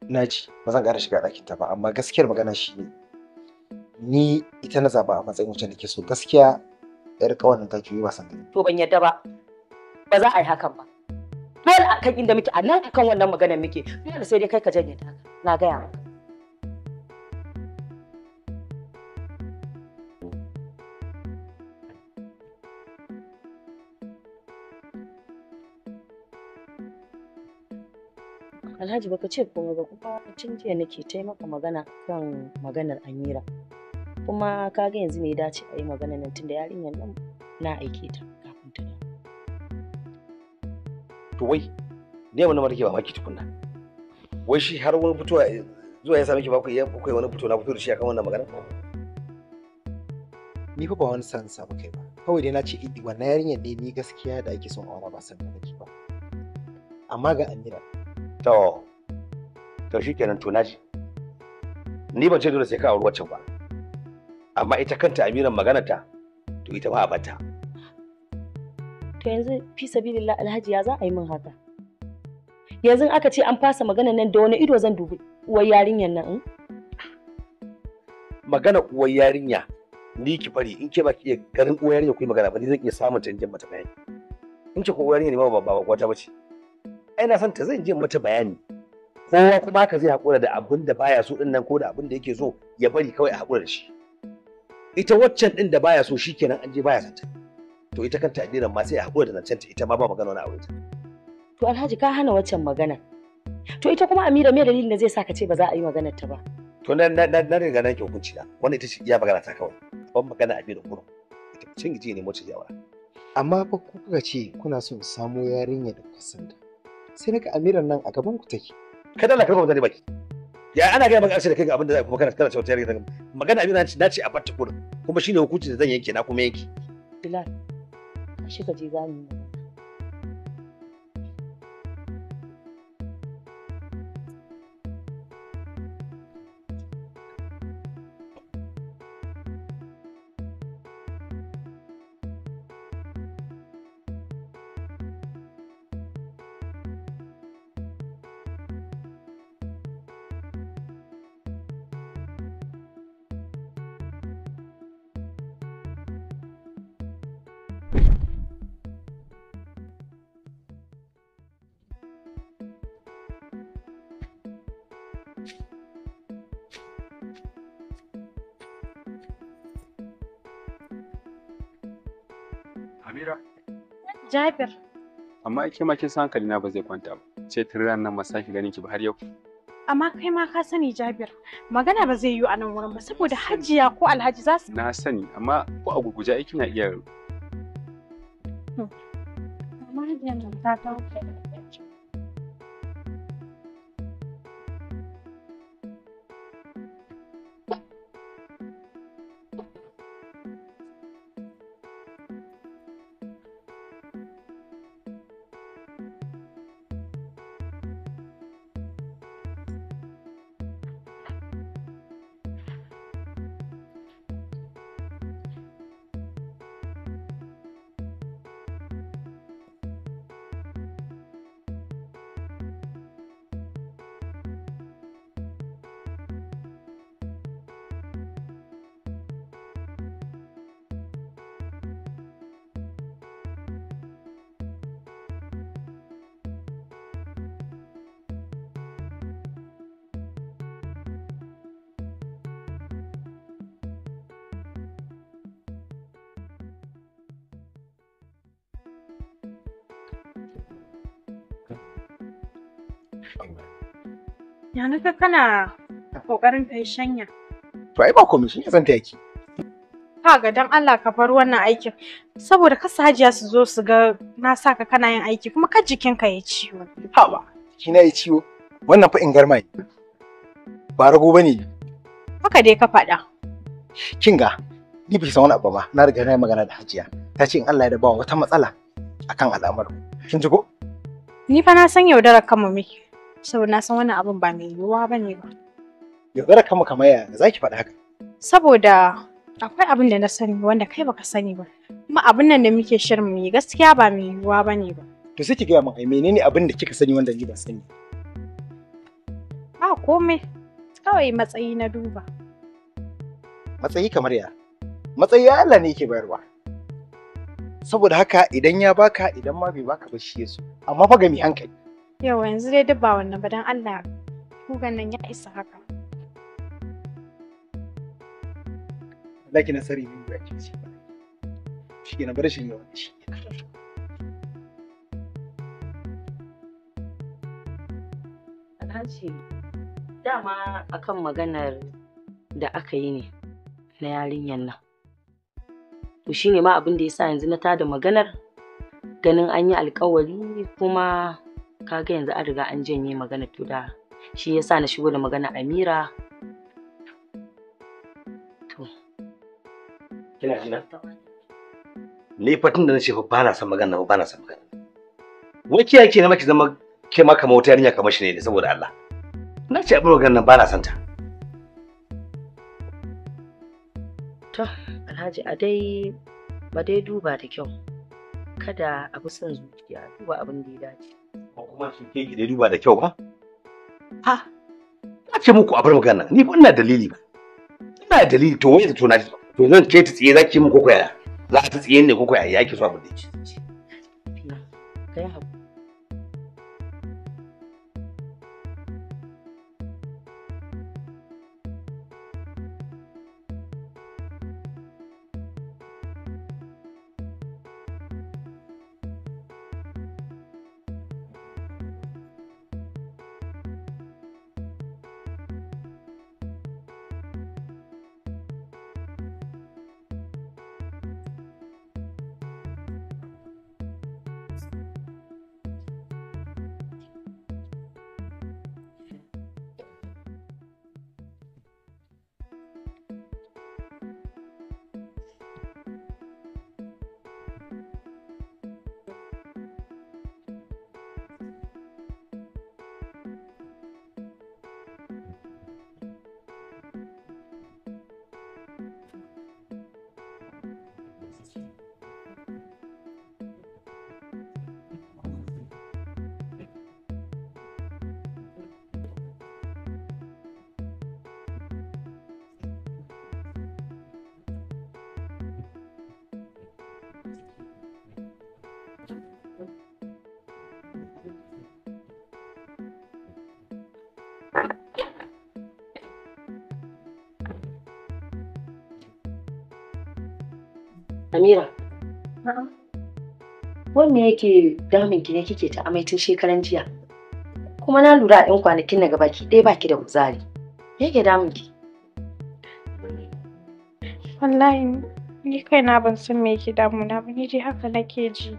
na ji ba zan ƙara shiga ɗakin ta ba amma gaskiyar magana shi ne ni ita na zaba a matsayin wacce nake so gaskiya yar kawanin ta kiwi wasan ta to ban yadda ba ba za a yi hakan ba dole akan inda muke a nan akan wannan maganar muke dole sai dai kai ka janye ta na gaya ya Alhaji baka ce kuma ba kuma cin jiya nake taimaka magana kan maganar Amira. kuma kaga yanzu ne ya dace a yi magana nan tunda yarinyar nan na aike ta kafin ta dawo to wai ne abin da ke ke mamaki tukunna wai shi har wani fito zuwa ya same ki ba ku yi wani fito na fito da shi akan wannan magana ni fa ba wani san samu kai ba kawai dai na ce idi wannan yarinyar dai ni gaskiya da ake son aure ba san da nake ba amma ga Amira to to kenan to naji ni ban ce dole sai ka auri wacce ba amma ita kanta amiran maganata to ita ba a bata to yanzu fi sabilillah alhaji ya za a yi min haka yanzu aka ce an fasa magana nan da wani ido zan dubi uwar yarinyar nan eh? magana uwar yarinya ni ki fari in ke ba ki iya garin uwar yarinya ku yi magana ba ni zan iya samun ta injin mata bayani in ki ko uwar yarinya ne ba ba wata bace ai na san ta zan je mata bayani kowa kuma haka zai haƙura da abin da baya so din nan ko da abin da yake so ya bari kawai a haƙura da shi ita waccan ɗin da baya so shikenan an je baya santa to ita kanta addinan ma sai a haƙura da nan canta ita ma ba magana wani aure to alhaji ka hana waccan magana to ita kuma amira me dalilin da zai sa ka ce ba za a yi magana ta ba to na na na riga na hukunci da wannan ita ce iya magana ta kawai ban magana a amira gurin ita cin gije ne mace jawara amma fa kuka ce kuna son samo yarinya da kasanta sai naka amiran nan a gaban ku take kada na karfa mutane baki ya ana gaya maka da kai ga abin da zai kuma kana kana cewa ta da magana abin na ce a fatta kuma kuma shine hukunci da zan yanke na kuma yanke Bilal a shi ka je gani Jabir. Amma ake ma kin san hankali ba zai kwanta ba. Ce tun ran nan ma saki ganin ki ba har yau. Amma kai ma ka sani Jabir, magana ba zai yiwu a nan wurin ba saboda hajiya ko alhaji za su. Na sani, amma ko a aiki na iya. Amma ta ta Ya na kana kokarin kai shanya. To ai ba komai shanya zan taya ki. Ka ga dan Allah ka bar wannan aikin saboda kasa hajiya su zo su ga na saka kana yin aiki kuma kar jikin ka ya ciwo. Ha ba, kina na yi ciwo. Wannan fa in garma ne. Ba rago bane. Haka dai ka faɗa. Kinga, ni bai san wani abu ba, na riga na magana da hajiya. Ta ce in Allah ya da ba wata matsala akan al'amarin. Kin ji ko? Ni fa na san yaudarar kanmu miki. saboda na san wannan abin ba mai yiwuwa ba ne ba. Yaudara kama kamar yaya za ki faɗi haka? Saboda akwai abin da na sani wanda kai baka sani ba. Kuma abin nan da muke shirin mu yi gaskiya ba mai yiwuwa ba ne ba. To sai ki gaya min ai menene abin da kika sani wanda ni ba sani? Ba komai. Kawai matsayi na duba. Matsayi kamar ya? Matsayi ya Allah ne yake bayarwa. Saboda haka idan ya baka idan ma bai baka ba shi yaso. Amma fa ga mi hankali. yau yanzu dai duk ba wannan ba don Allah kugan nan ya isa haka. Laki na sari biyu ya kici. shi na bar shi wani shi Alhaji dama akan maganar da aka yi ne na yarinyan nan. To shi ne ma abin da ya sa yanzu na tada maganar ganin an yi alkawari kuma kaga yanzu an riga an janye magana to da shi yasa na shigo da magana Amira to kina jina ni fatin da nace fa ba na san magana ba na san magana wai kiya ke na maki zama ke ma kamar wata yarinya kamar shi ne saboda Allah na ce abin magana ba na san ta to Alhaji a dai ba dai duba da kyau kada abu son zuciya duba abin da ya dace kuma shi ke da duba da kyau ba ha a ce muku a bar magana ni ba ina dalili ba ina dalili to wai to na to zan ce ta tsiye zaki mun koko yaya za ta tsiye ne koko yaya yake so abin da yake kai hakuri me yake damun ki ne kike ta amai tun shekaran jiya kuma na lura a 'yan kwanakin na gabaki ɗaya baki da kuzari me yake damun ki wallahi ni na ban san me yake damuna ba ni dai haka nake ji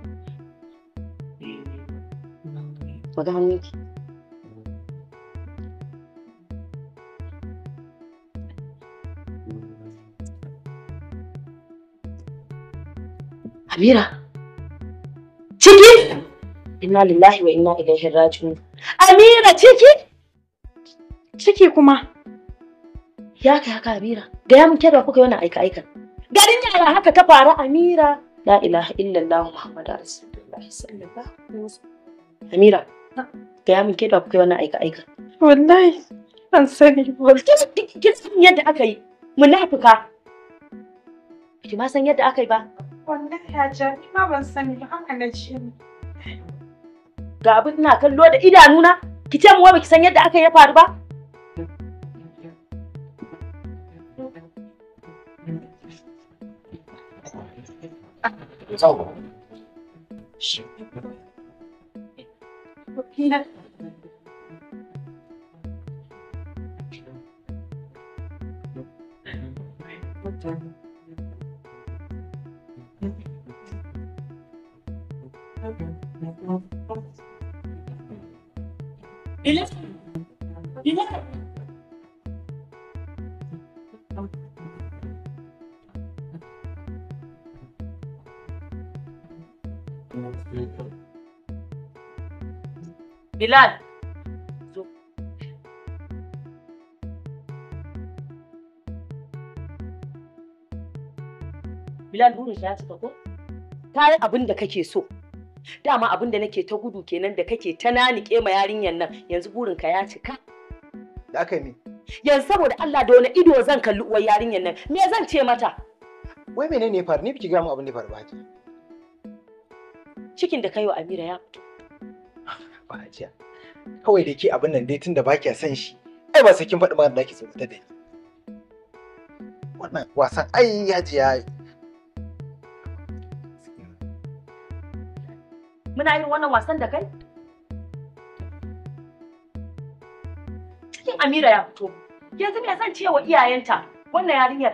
Maga inna lillahi wa inna ilaihi raji'un amira ciki ciki kuma ya kai haka amira ga ya mun kyarwa kuka wani aika aika garin yara haka ta faru amira la ilaha illallah muhammadu rasulullahi sallallahu alaihi wasallam amira ga ya mun kyarwa kuka wani aika aika wallahi an sani wallahi kin san yadda aka yi munafika ki ma san yadda aka yi ba wallahi ya ja ni ma ban sani ba an na ga abin ina kallo da idanuna ki ce muwa baki san yadda aka ya faru ba Thank Ele Ele Bilal. Bilal burin ya ko? yi abin da kake so. dama abin da nake ta gudu kenan da kake ta nanike ma yarinyar nan yanzu burinka ya cika da aka yi yanzu saboda Allah da wani ido zan kalli uwar yarinyar nan me zan ce mata wai menene ne faru ni biki ga mu abin da faru ba ki cikin da kaiwa Amira ya fito ba ajiya kawai da ke abin nan dai tunda ba kya san shi ai ba sai kin faɗi magana da ki tsoro ta da ni wannan wasan ai hajiya muna yin wannan wasan da kai cikin amira ya fito yanzu me zan ce wa iyayenta wannan yarinyar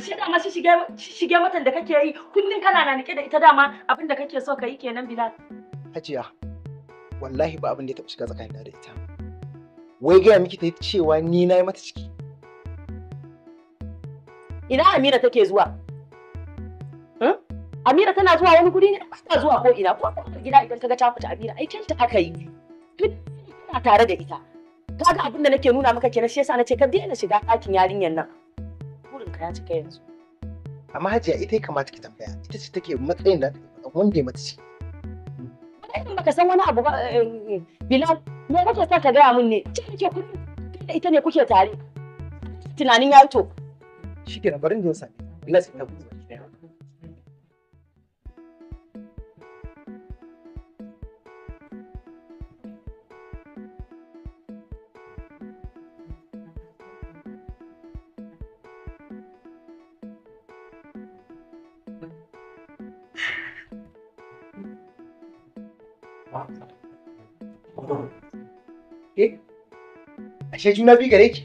ashe dama shi shige shige matan da kake yi kullun kana na nike da ita dama abin da kake so ka yi kenan bilal hajiya wallahi ba abin da ya taɓa shiga tsakanin da ita wai gaya miki ta cewa ni na yi mata ciki ina amira take zuwa Amira tana zuwa wani guri ne ta zuwa ko ina ko gida idan kaga ta fita Amira ai ta aka yi duk ina tare da ita kaga abin da nake nuna maka kenan shi yasa nace ka daina shiga ɗakin yarinyar nan burin ka ya cika yanzu amma hajiya ita ya kamata ki tambaya ita ce take matsayin da wanda ya mata ce in baka san wani abu ba eh, Bilal me kake son ka gaya min ne ce nake kullum da ita ne kuke tare tunanin ya to shi ke in zo sa Bilal sai ta gudu Eh? Ashe juna biyu gare ki?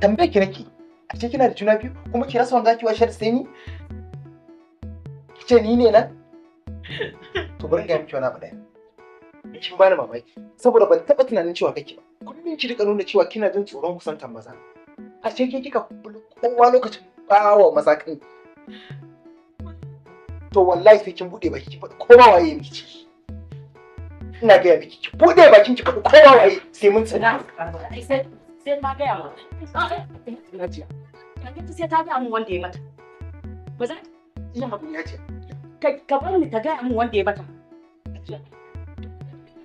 Tambaya ki nake. Ashe kina da juna biyu kuma ki rasa wanda zaki washe da sai ni? Kice ni ne nan? To bari ga miki wani abu ɗaya. Kin bani mamaki saboda ban taɓa tunanin cewa kake ba. Kullum ki rika nuna cewa kina jin tsoron kusantar maza. Ashe ke kika kowa lokacin bawa maza kai. to wallahi sai kin bude baki ki faɗi kowa waye miki ciki ina gaya miki ki bude bakin ki faɗi kowa waye sai mun tsina sai ma gaya ma lafiya yanzu sai ta gaya min wanda ya mata ba za ina hakuri ya ce ka bar ni ta gaya min wanda ya mata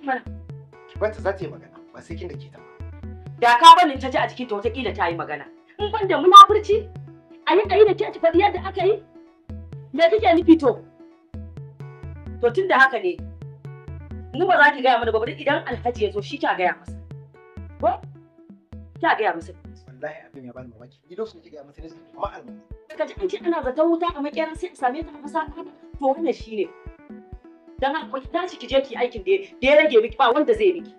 mana ki banta za ta yi magana ba sai kin da ke ta da ka bani ta ji a jikin ta wata kila ta yi magana in ban da munafurci a yi kai da ke ta faɗi yadda aka yi Me kike nufi to? To tun da haka ne, mu ba za ki gaya mana ba bari idan alhaji ya zo shi ta gaya masa. Ko? ta gaya masa. Wallahi abin ya bani mamaki. Gidan su ne gaya masa ne amma alma. Ka ji an ce ina zaton wuta a makiyar sai in same ta a masa to wannan shine. Dan akwai ta tashi ki je ki aikin da ya rage miki ba wanda zai miki.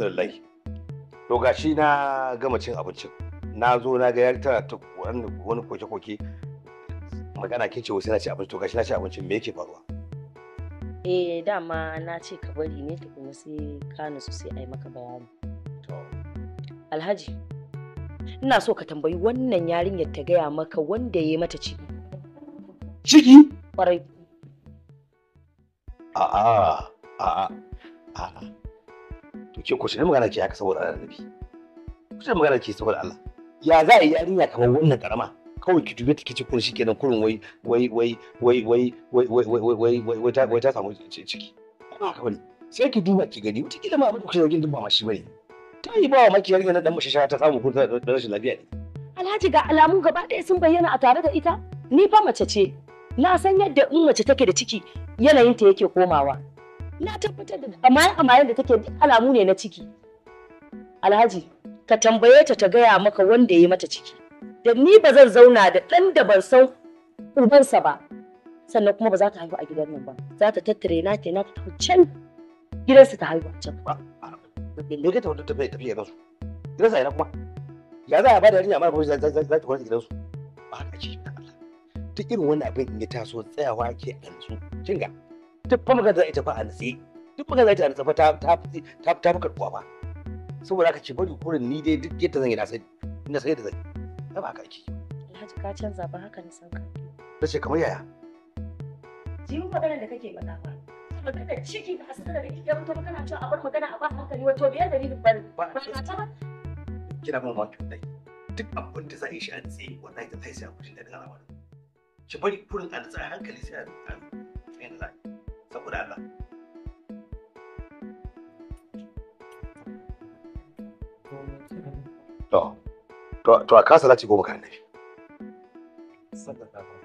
alhamdulillah to gashi na gama cin abincin na zo na ga yar tana ta wani koke-koke magana ke ce wasu na ci abinci to gashi na ci abincin me yake faruwa eh dama na ce ka bari ne kuma sai ka su sai ai maka bayani alhaji ina so ka tambayi wannan yarinyar ta gaya maka wanda ya mata ciki ciki kwarai a'a a'a to ce kusurin magana ce haka saboda annabi kusurin magana ke saboda Allah ya za a yi yarinya kamar wannan karama kawai ki dube take cikin shi kenan kurin wai wai wai wai wai wai wai wai wai wai wai ta samu ciki kuma haka bane sai ki duba ki gani wata kila ma abin da kuke zargin duba ma bane ta yi ba wa makiyar na dan mashi ta samu kurta da rashin lafiya ne Alhaji ga alamu gaba ɗaya sun bayyana a tare da ita ni fa mace ce na san yadda in mace take da ciki yanayin ta yake komawa na tabbatar da amma amayen da take duk alamu ne na ciki alhaji ka tambaye ta ta gaya maka wanda ya yi mata ciki da ni ba zan zauna da ɗan da ban san ubansa ba sannan kuma ba za ta haihu a gidan nan ba za ta tattare na ta na ta can gidansa ta haihu a can ba me ke ta wata tafiya tafiya gidansu gidansa ina kuma ya za a ba da yarinya mara fahimta za ta kwanci gidansu ba haka ce duk irin wannan abin in ya taso tsayawa ke a kansu kin duk fa magana za a tafa a nutse duk magana za a tafi ta ta ta ta fi karbuwa ba saboda aka ce bari kurin ni dai duk yadda zan yi na sai na sai da zan ba ka ake Alhaji ka canza ba haka ne san ka ce kamar yaya jiwo magana da kake faɗa ba magana ciki da hasara da kike mutu magana cewa a bar magana a ba hankali wato biyar da ni ba ba ta ba kina mun wato dai duk abin da za a yi shi a tsaye ta yi sai a kudin da daga ba. ki bari kurin a tsaye hankali sai a tsaye saboda Allah to to a kasa lati sallallahu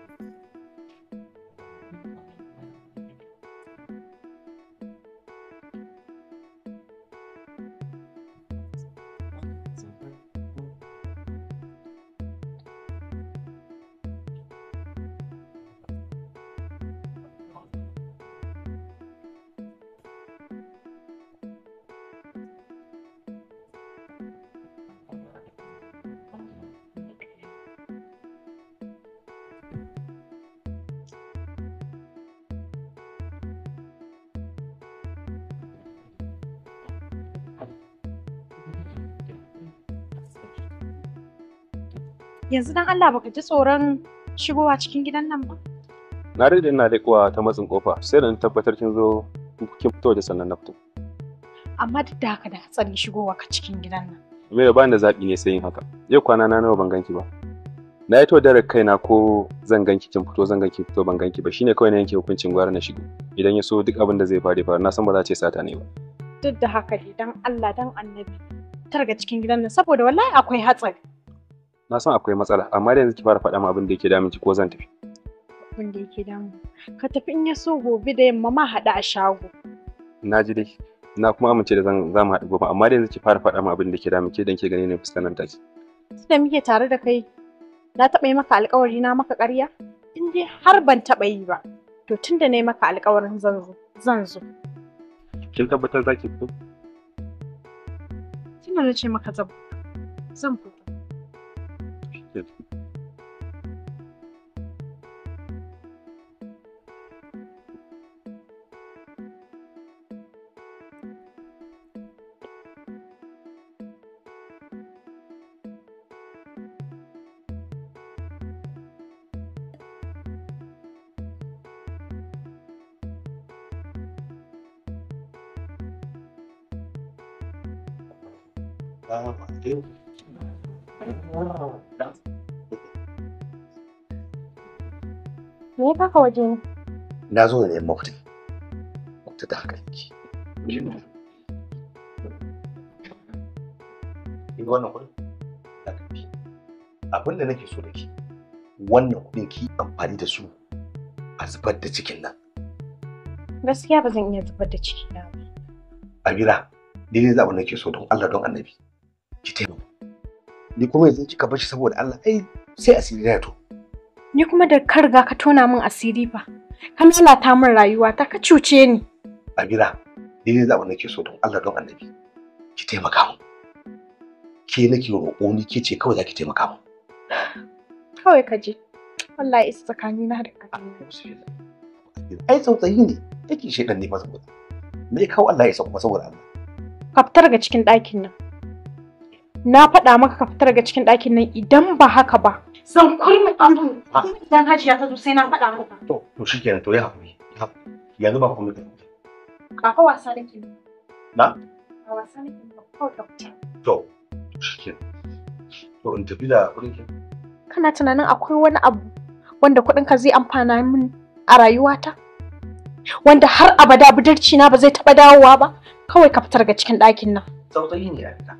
yanzu dan Allah baka ji tsoron shigowa cikin gidan nan ba na rage ina leƙuwa ta matsin kofa sai da tabbatar kin zo kin fito da sannan na fito amma duk da haka da hatsarin shigowa ka cikin gidan nan me ba da zaɓi ne sai yin haka yau kwana na nawa ban ganki ba na yi to da kaina ko zan ganki kin fito zan ganki fito ban ganki ba shine kawai na yanke hukuncin gwara na shigo idan ya so duk abin da zai fare fara na san ba za ce sata ne ba duk da haka dan Allah dan annabi targa cikin gidan nan saboda wallahi akwai hatsari na san akwai matsala amma da yanzu ki fara faɗa ma abin da yake damun ki ko zan tafi abin da yake damu ka tafi in ya so gobe da yamma ma haɗu a shago na ji dai na kuma amince da zan za mu haɗu gobe amma da yanzu ki fara faɗa ma abin da yake damun ki dan ke gani ne fuskan take da muke tare da kai na taɓa yi maka alƙawari na maka ƙarya in dai har ban taɓa yi ba to tunda na yi maka alƙawarin zan zo zan zo kin tabbatar za ki fito tunda na ce maka zan fito Tschüss. me ka waje ne na zo ne neman mafita ta da haka yake in wannan kuɗin na kafi abin da nake so da ke wannan kuɗin ki amfani da su a zubar da cikin nan gaskiya ba zan iya zubar da ciki na ba abira ni za abin nake so don Allah don annabi ki taimaka ni kuma yanzu kika bar shi saboda Allah ai sai asiri na to Ni kuma da karga ka tona min asiri fa. Ka lalata min rayuwata ka cuce ni. abira ni ne zaɓin nake so don Allah don Annabi. Ki taimaka mu. Ke nake roƙo ni ke ce kawai za ki taimaka mu. Kawai ka je. Allah ya isa tsakani na da kai. Ai tsautsayi ne. Yake shedan ne fa saboda. Me kawo Allah ya isa kuma saboda Allah. Kaftar ga cikin ɗakin nan. na faɗa maka ka fita daga cikin ɗakin nan idan ba haka ba zan kurmi abu idan hajiya ta zo sai na faɗa maka to to shikenan to ya haƙuri yanzu ba kuma da ka wasa da ke na A wasa da ke ba kawai ka fita to to in tafi da kuɗin ke kana tunanin akwai wani abu wanda kuɗin ka zai amfana min a rayuwata wanda har abada budurci na ba zai taɓa dawowa ba kawai ka fitar daga cikin ɗakin nan. Sautayi ne ya fita.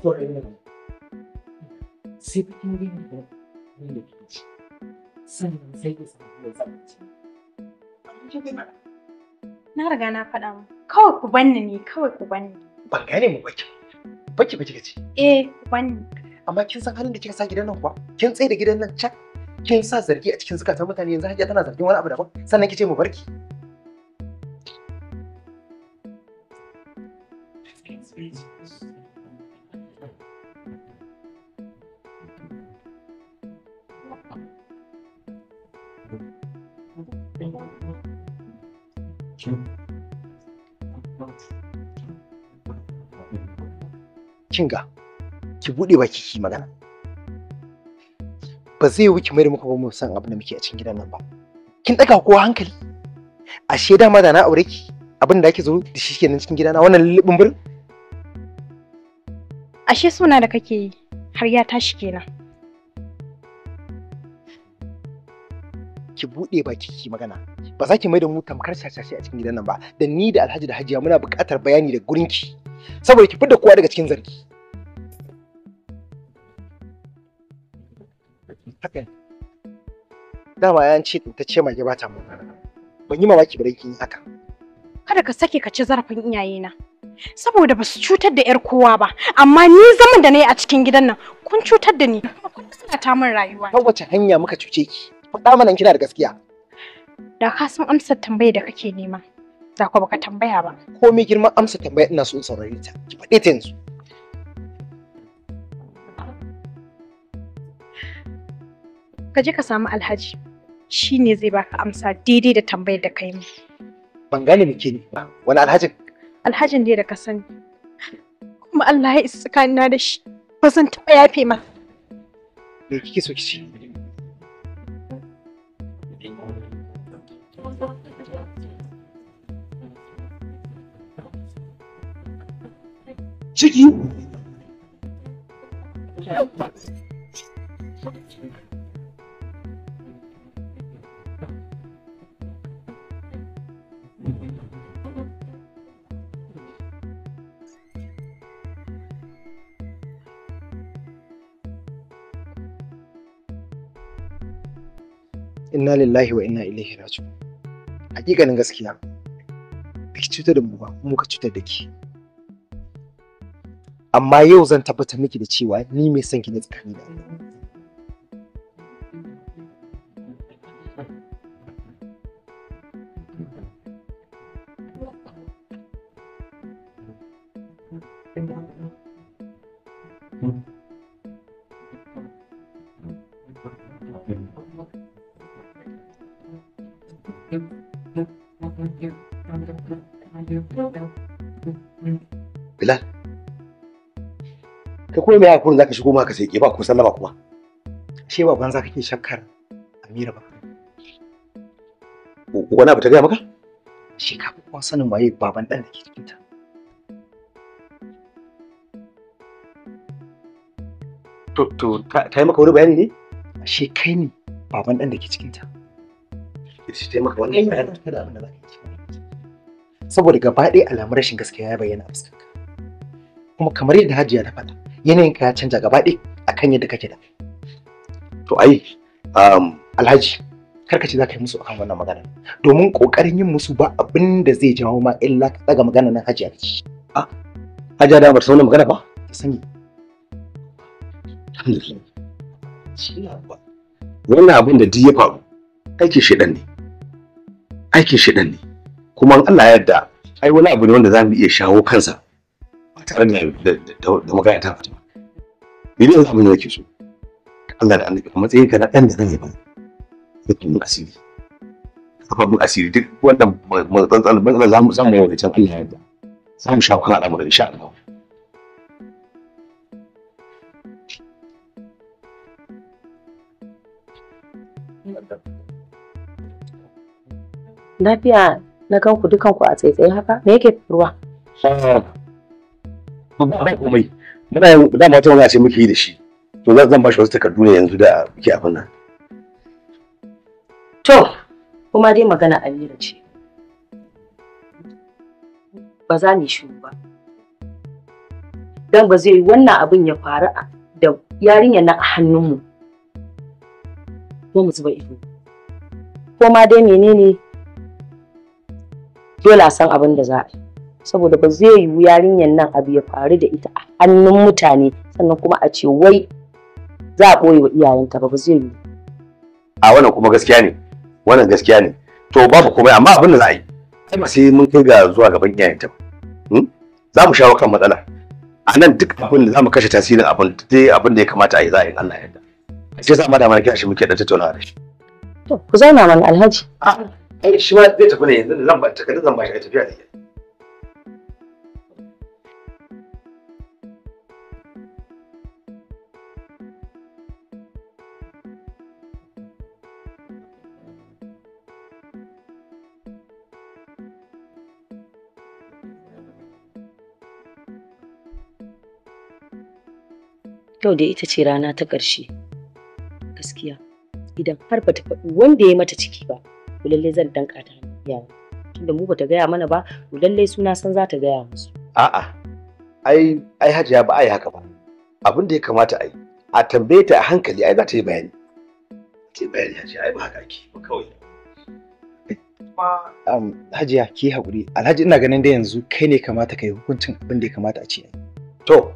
to sai da na riga na faɗa mu kawai ku banni kawai ku banni mu eh ku banni amma kin san halin da kika sa gidan nan kuwa kin tsaye da gidan nan can kin sa zargi a cikin zukatan mutane yanzu hajiya tana zargin wani abu mu barki Kinga, ki buɗe baki ki magana. Ba zai yiwu ki mai da muka ba mu san abin da muke a cikin gidan nan ba. Kin ɗaga kowa hankali. Ashe dama da na aure ki abin da ake zo da shi kenan cikin gidana wannan lullubin birin. Ashe suna da kake yi har ya tashi kenan. ki buɗe baki ki magana ba za ki mai da mu tamkar shashashe a cikin gidan nan ba da ni da alhaji da hajiya muna buƙatar bayani da gurin ki saboda ki fidda kowa daga cikin zargi haka dama yan ce ta ce mage ba ta mu ban yi mamaki ba yi haka kada ka sake ka ci zarafin iyayena saboda ba su cutar da 'yar kowa ba amma ni zaman da na yi a cikin gidan nan kun cutar da ni kun ta min rayuwa ta wace hanya muka cuce ki faɗa mana kina da gaskiya da ka san amsar tambayar da kake nema da ko baka tambaya ba ko me girman amsa tambayar ina so in saurare ta ki faɗe ta yanzu ka je ka samu alhaji shi ne zai baka amsa daidai da tambayar da kai mu ban gane muke ne ba wani alhajin alhajin ne da ka sani kuma Allah ya isa tsakanina da shi ba zan taɓa yafe ma me kike so ki ce ciki inna lillahi wa inna ilaihi raji'un hakikanin gaskiya Baki cutar da mu ba kuma ka cutar da ki amma yau zan tabbatar miki da cewa ni mai son ki na tsakani da ko mai hakuri zaka shigo ma ka sai ba ko sallama kuma she ba zaka kake shakkar Amira ba wani abu ta gaya maka she ka kuma sanin waye baban dan da ke cikin ta to to ta yi maka wani bayani ne she kai ne baban dan da ke cikin ta shi ta yi maka wani bayani ta da abin da zaka saboda gaba ɗaya alamun rashin gaskiya ya bayyana a fuskarka kuma kamar yadda hajiya ta faɗa yanayin ka ya canja gaba ɗaya akan yadda kake da to ai um, alhaji karka ce za ka yi musu akan wannan magana domin kokarin yin musu ba abin da zai jawo ma illa ka tsaga magana nan hajiya ce a ah, hajiya da bar sauna magana ba ka sani wannan abin da duk ya faru aikin shedan ne aikin shedan ne kuma Allah ya yarda ai wani abu ne wanda za mu iya shawo kansa tare da da ta fita ni ne abin da nake so Allah da annabi a matsayin ka na dan da zan ba kake mun asiri kafa mun asiri duk wannan matsantsan matsala za mu samu wani can Allah yadda san mu shawo kan al'amuran insha Allah Lafiya na kanku dukanku a tsaitsaye haka me yake faruwa? Ah. ba komai muna yin da ma tauna ce muke yi da shi to zan ba shi wasu takardu ne yanzu da muke abin nan to kuma dai magana Amira ce ba za ni shi ba dan ba zai yi wannan abin ya faru da yarinyar nan a hannunmu kuma mu zuba ido ko ma dai menene dole a san abin da za a yi saboda ba zai yiwu yarinyar nan abu ya faru da ita a hannun mutane sannan kuma a ce wai za a ɓoye wa iyayenta ba ba zai yiwu a wannan kuma gaskiya ne wannan gaskiya ne to babu komai amma abin da za a yi ba sai mun kai ga zuwa gaban iyayenta ba hmm? za mu shawo kan matsala a nan duk abin da za mu kashe tasirin abin dai abin da ya kamata a yi za a yi Allah ya yarda sai za madama na mana shi muke da tattaunawa da shi to ku zauna mana alhaji a shi ma zai tafi ne yanzu zan ba takardar zan ba shi tafiya da yau da ita ce rana ta ƙarshe gaskiya idan har bata faɗi wanda ya mata ciki ba to lallai zan danka ta yawa tunda mu bata gaya mana ba to lallai suna san za ta gaya musu a'a ai ai hajiya ba ai haka ba abin da ya kamata ai a tambaye ta a hankali ai za ta yi bayani ta yi bayani hajiya ai ba haka ake ba kawai Um, hajiya ki haƙuri alhaji ina ganin da yanzu kai ne kamata ka yi hukuncin abin da ya kamata a ce to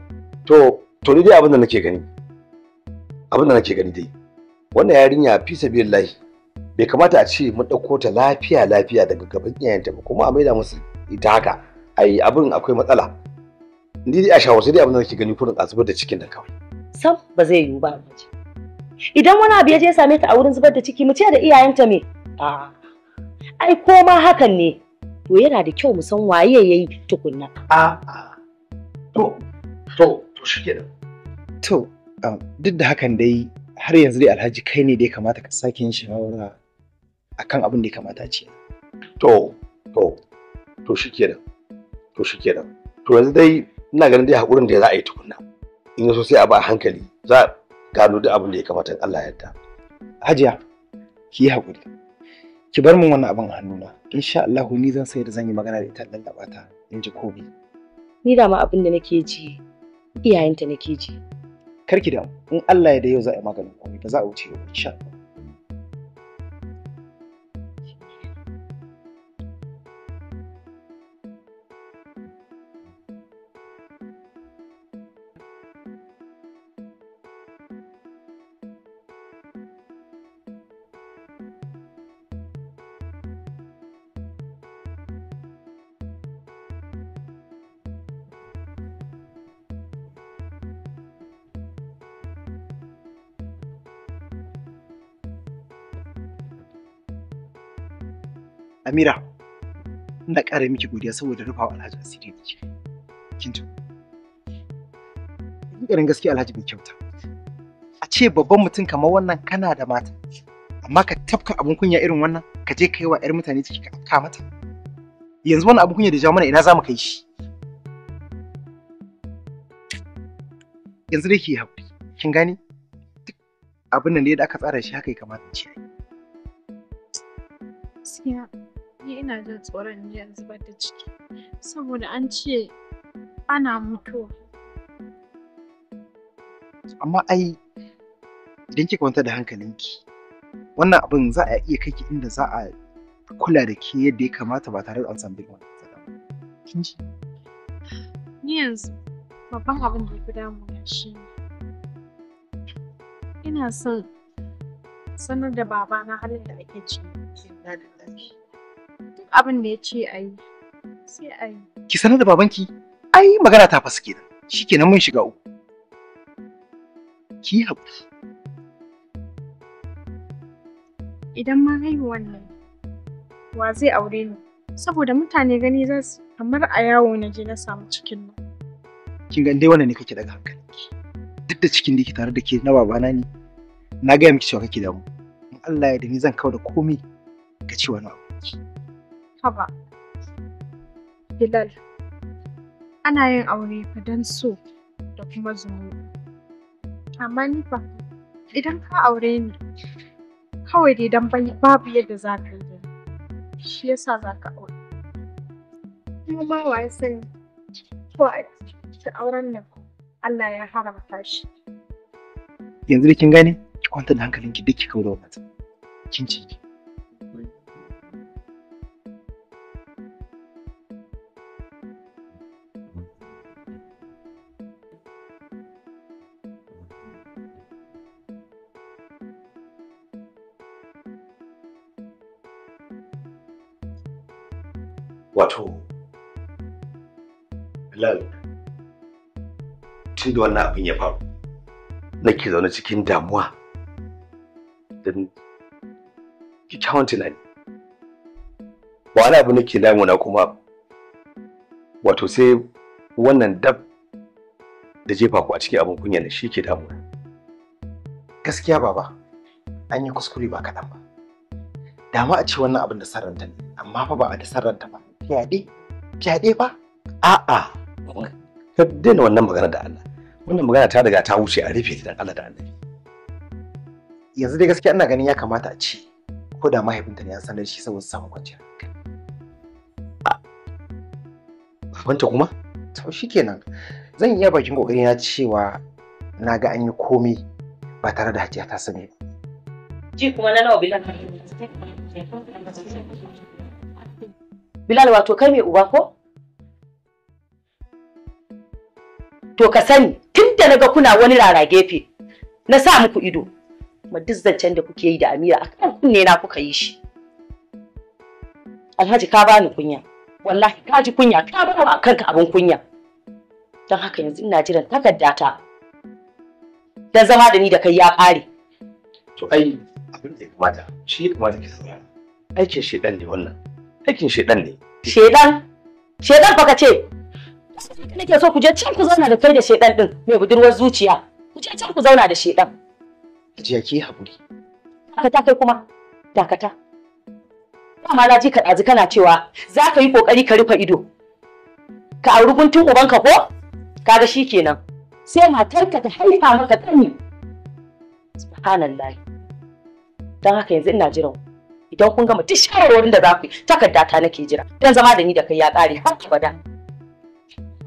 to to ni dai abin da nake gani abin da nake gani dai wannan yarinya fi sabilillahi bai kamata a ce mun dauko ta lafiya lafiya daga gaban iyayenta ba kuma a maida musu ita haka ai abin akwai matsala ni dai a shawarce dai abin da nake gani kurin a zubar da cikin da kawai sam ba zai yiwu ba mace idan wani abu ya je ya same ta a wurin zubar da ciki mu ce da iyayenta me a ai ko ma hakan ne to yana da kyau mu san waye yayi tukunna a a to to to shi kenan to duk da hakan dai har yanzu dai alhaji kai ne da ya kamata ka sake yin shawara akan abin da ya kamata ce to to to shi kenan to shi kenan to yanzu dai ina ganin dai hakurin da za a yi tukunna in yaso sai a ba hankali za a gano duk abin da ya kamata Allah ya yarda hajiya ki yi hakuri ki bar min wannan abin a hannuna insha Allah ni zan sai da zan yi magana da ita lallaba labata in ji komai. ni da ma abin da nake ji iyayenta na ke ji. Karki da in Allah ya da yau za a yi maganin komai ba za a wuce yau insha Allah. Samira ina ƙara miki godiya saboda rufawa Alhaji asiri da ke. Kin ji? Ƙarin gaskiya Alhaji bai kyauta. A ce babban mutum kamar wannan kana da mata, amma ka tafka abin kunya irin wannan ka je kai wa 'yar mutane ciki ka afka mata. Yanzu wannan abin kunya da ja mana ina za mu kai shi. Yanzu dai ki haƙuri, kin gane? Duk abin nan da aka tsara shi haka ya kamata ce. Yeah. Ni ina jin tsoron in zubar da ciki saboda an ce ana mutuwa. Amma ai idan kika kwanta da hankalinki wannan abin za a iya kai ki inda za a kula da ke yadda ya kamata ba tare da an samu wani matsala ba. Kin ji? Ni yanzu babban abin da ya fi damuna shi ne. Ina son sanar da babana halin da ake ciki. da lafiya. Duk abin da ya ce a yi, sai a yi. Ki sanar da babanki, ai magana ta fasu kenan, shi kenan mun shiga uku. Ki haƙuri. Idan ma haihuwan wannan wa zai aure ni? Saboda mutane gani za su kamar a yawo na je na samu cikin nan. Kin ga dai wannan ne kake daga hankalinki. Duk da cikin da ke tare da ke na babana ne, na gaya miki cewa kake damu. In Allah ya da ni zan kawo da komai ga cewa na aure Haba! Bilal, ana yin aure fa don so da kuma zumuɗi. Amma ni fa, idan ka aure ni, kawai dai don babu yadda za ka yi shi ya sa za ka aure Kuma ma wa ya sani, ko a cikin auren nan Allah ya haramta shi. Yanzu da kin gane, ki kwanta da hankalinki duk ki kawo da wata, Kin ciki. da wannan abin ya faru nake zaune cikin damuwa da kyakkyawan tunani wani abu nake damuna kuma wato sai wannan dab da jefa ku a cikin abin kunya na shi ke damuna gaskiya baba an yi kuskure ba kaɗan ba dama a ce wannan abin da sarranta ne amma fa ba a da sarranta ba fyaɗe fyaɗe ba a'a ka daina wannan magana da Allah wannan magana ta daga ta wuce a rufe ta dan Allah da annabi yanzu dai gaskiya ina ganin ya kamata a ci ko da mahaifinta ne ya sanar shi saboda samun kwanciyar hankali. babanta kuma to shikenan zan iya bakin kokari na cewa na ga an yi komai ba tare da hajiya ta sani ba ji kuma na nawa bilal bilal wato kai mai uba ko to ka sani tun da na ga kuna wani rara gefe na sa muku ido ma duk zancen da kuke yi da amira a kan kunne na kuka yi shi alhaji ka bani kunya wallahi ka ji kunya ka ba wa kanka abin kunya don haka yanzu ina jiran takarda ta dan zama da ni da kai ya ƙare to ai abin da ya kamata shi ya kamata ki sanya aikin shedan ne wannan aikin shedan ne shedan shedan fa ka ce nake so ku je can ku zauna da kai da shedan din mai budurwar zuciya ku je can ku zauna da shedan jiya ki hakuri dakata kai kuma dakata Ba na ji ka ɗazu kana cewa za ka yi ƙoƙari ka rufe ido ka auri guntun ubanka ko kaga shi kenan sai matarka ta haifa maka tani. subhanallah don haka yanzu ina jira. idan kun gama duk shawarwarin da za ku yi takarda ta nake jira dan zama da ni da kai ya kare har abada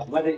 Bye.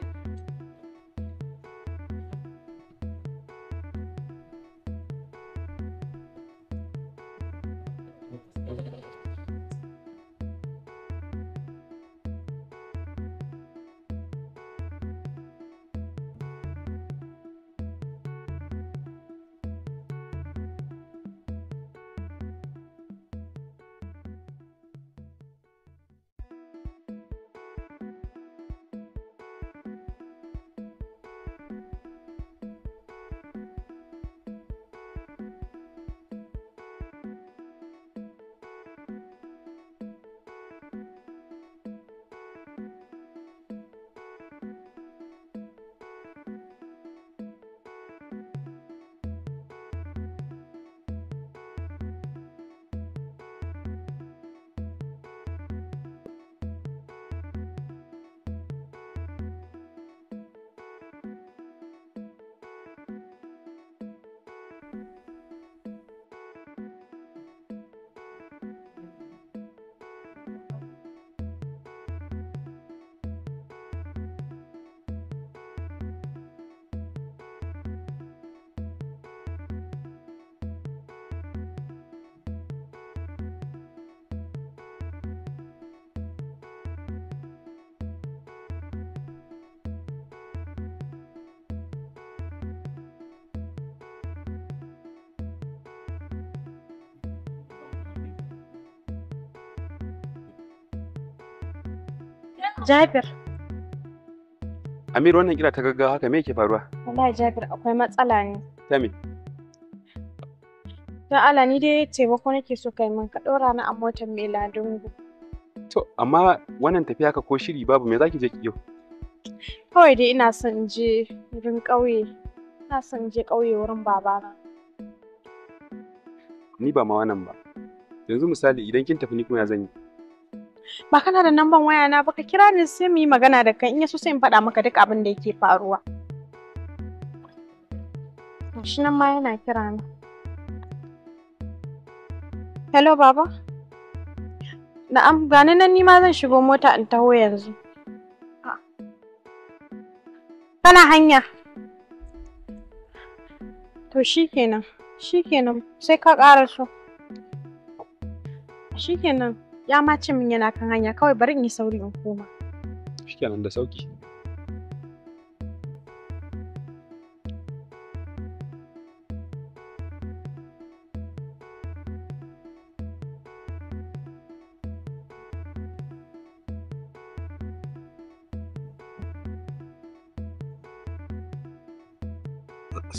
Jabir. Amir wannan kira ta gaggawa haka me yake faruwa? Wallahi Jafir akwai matsala ne. Ta me? Don Allah ni dai taimako nake so kai min ka dora ni a motar mai ladungu. To amma wannan tafiya ka ko shiri babu me zaki je ki yau? Kawai dai ina son in je wurin ƙauye. Ina son in je ƙauye wurin babana. Ni ba ma wannan ba. Yanzu misali idan kin tafi ni kuma ya zan yi. ba kana da namban waya na ba ka kira ni sai mu yi magana da kai in yaso sai in faɗa maka duk abin da yake faruwa shi nan ma yana kira ni hello baba na'am gani nan ni ma zan shigo mota in taho yanzu ah. kana hanya to shikenan shikenan sai ka ƙara so shikenan ya ma ce min yana kan hanya kawai bari in yi sauri in koma shikenan da sauki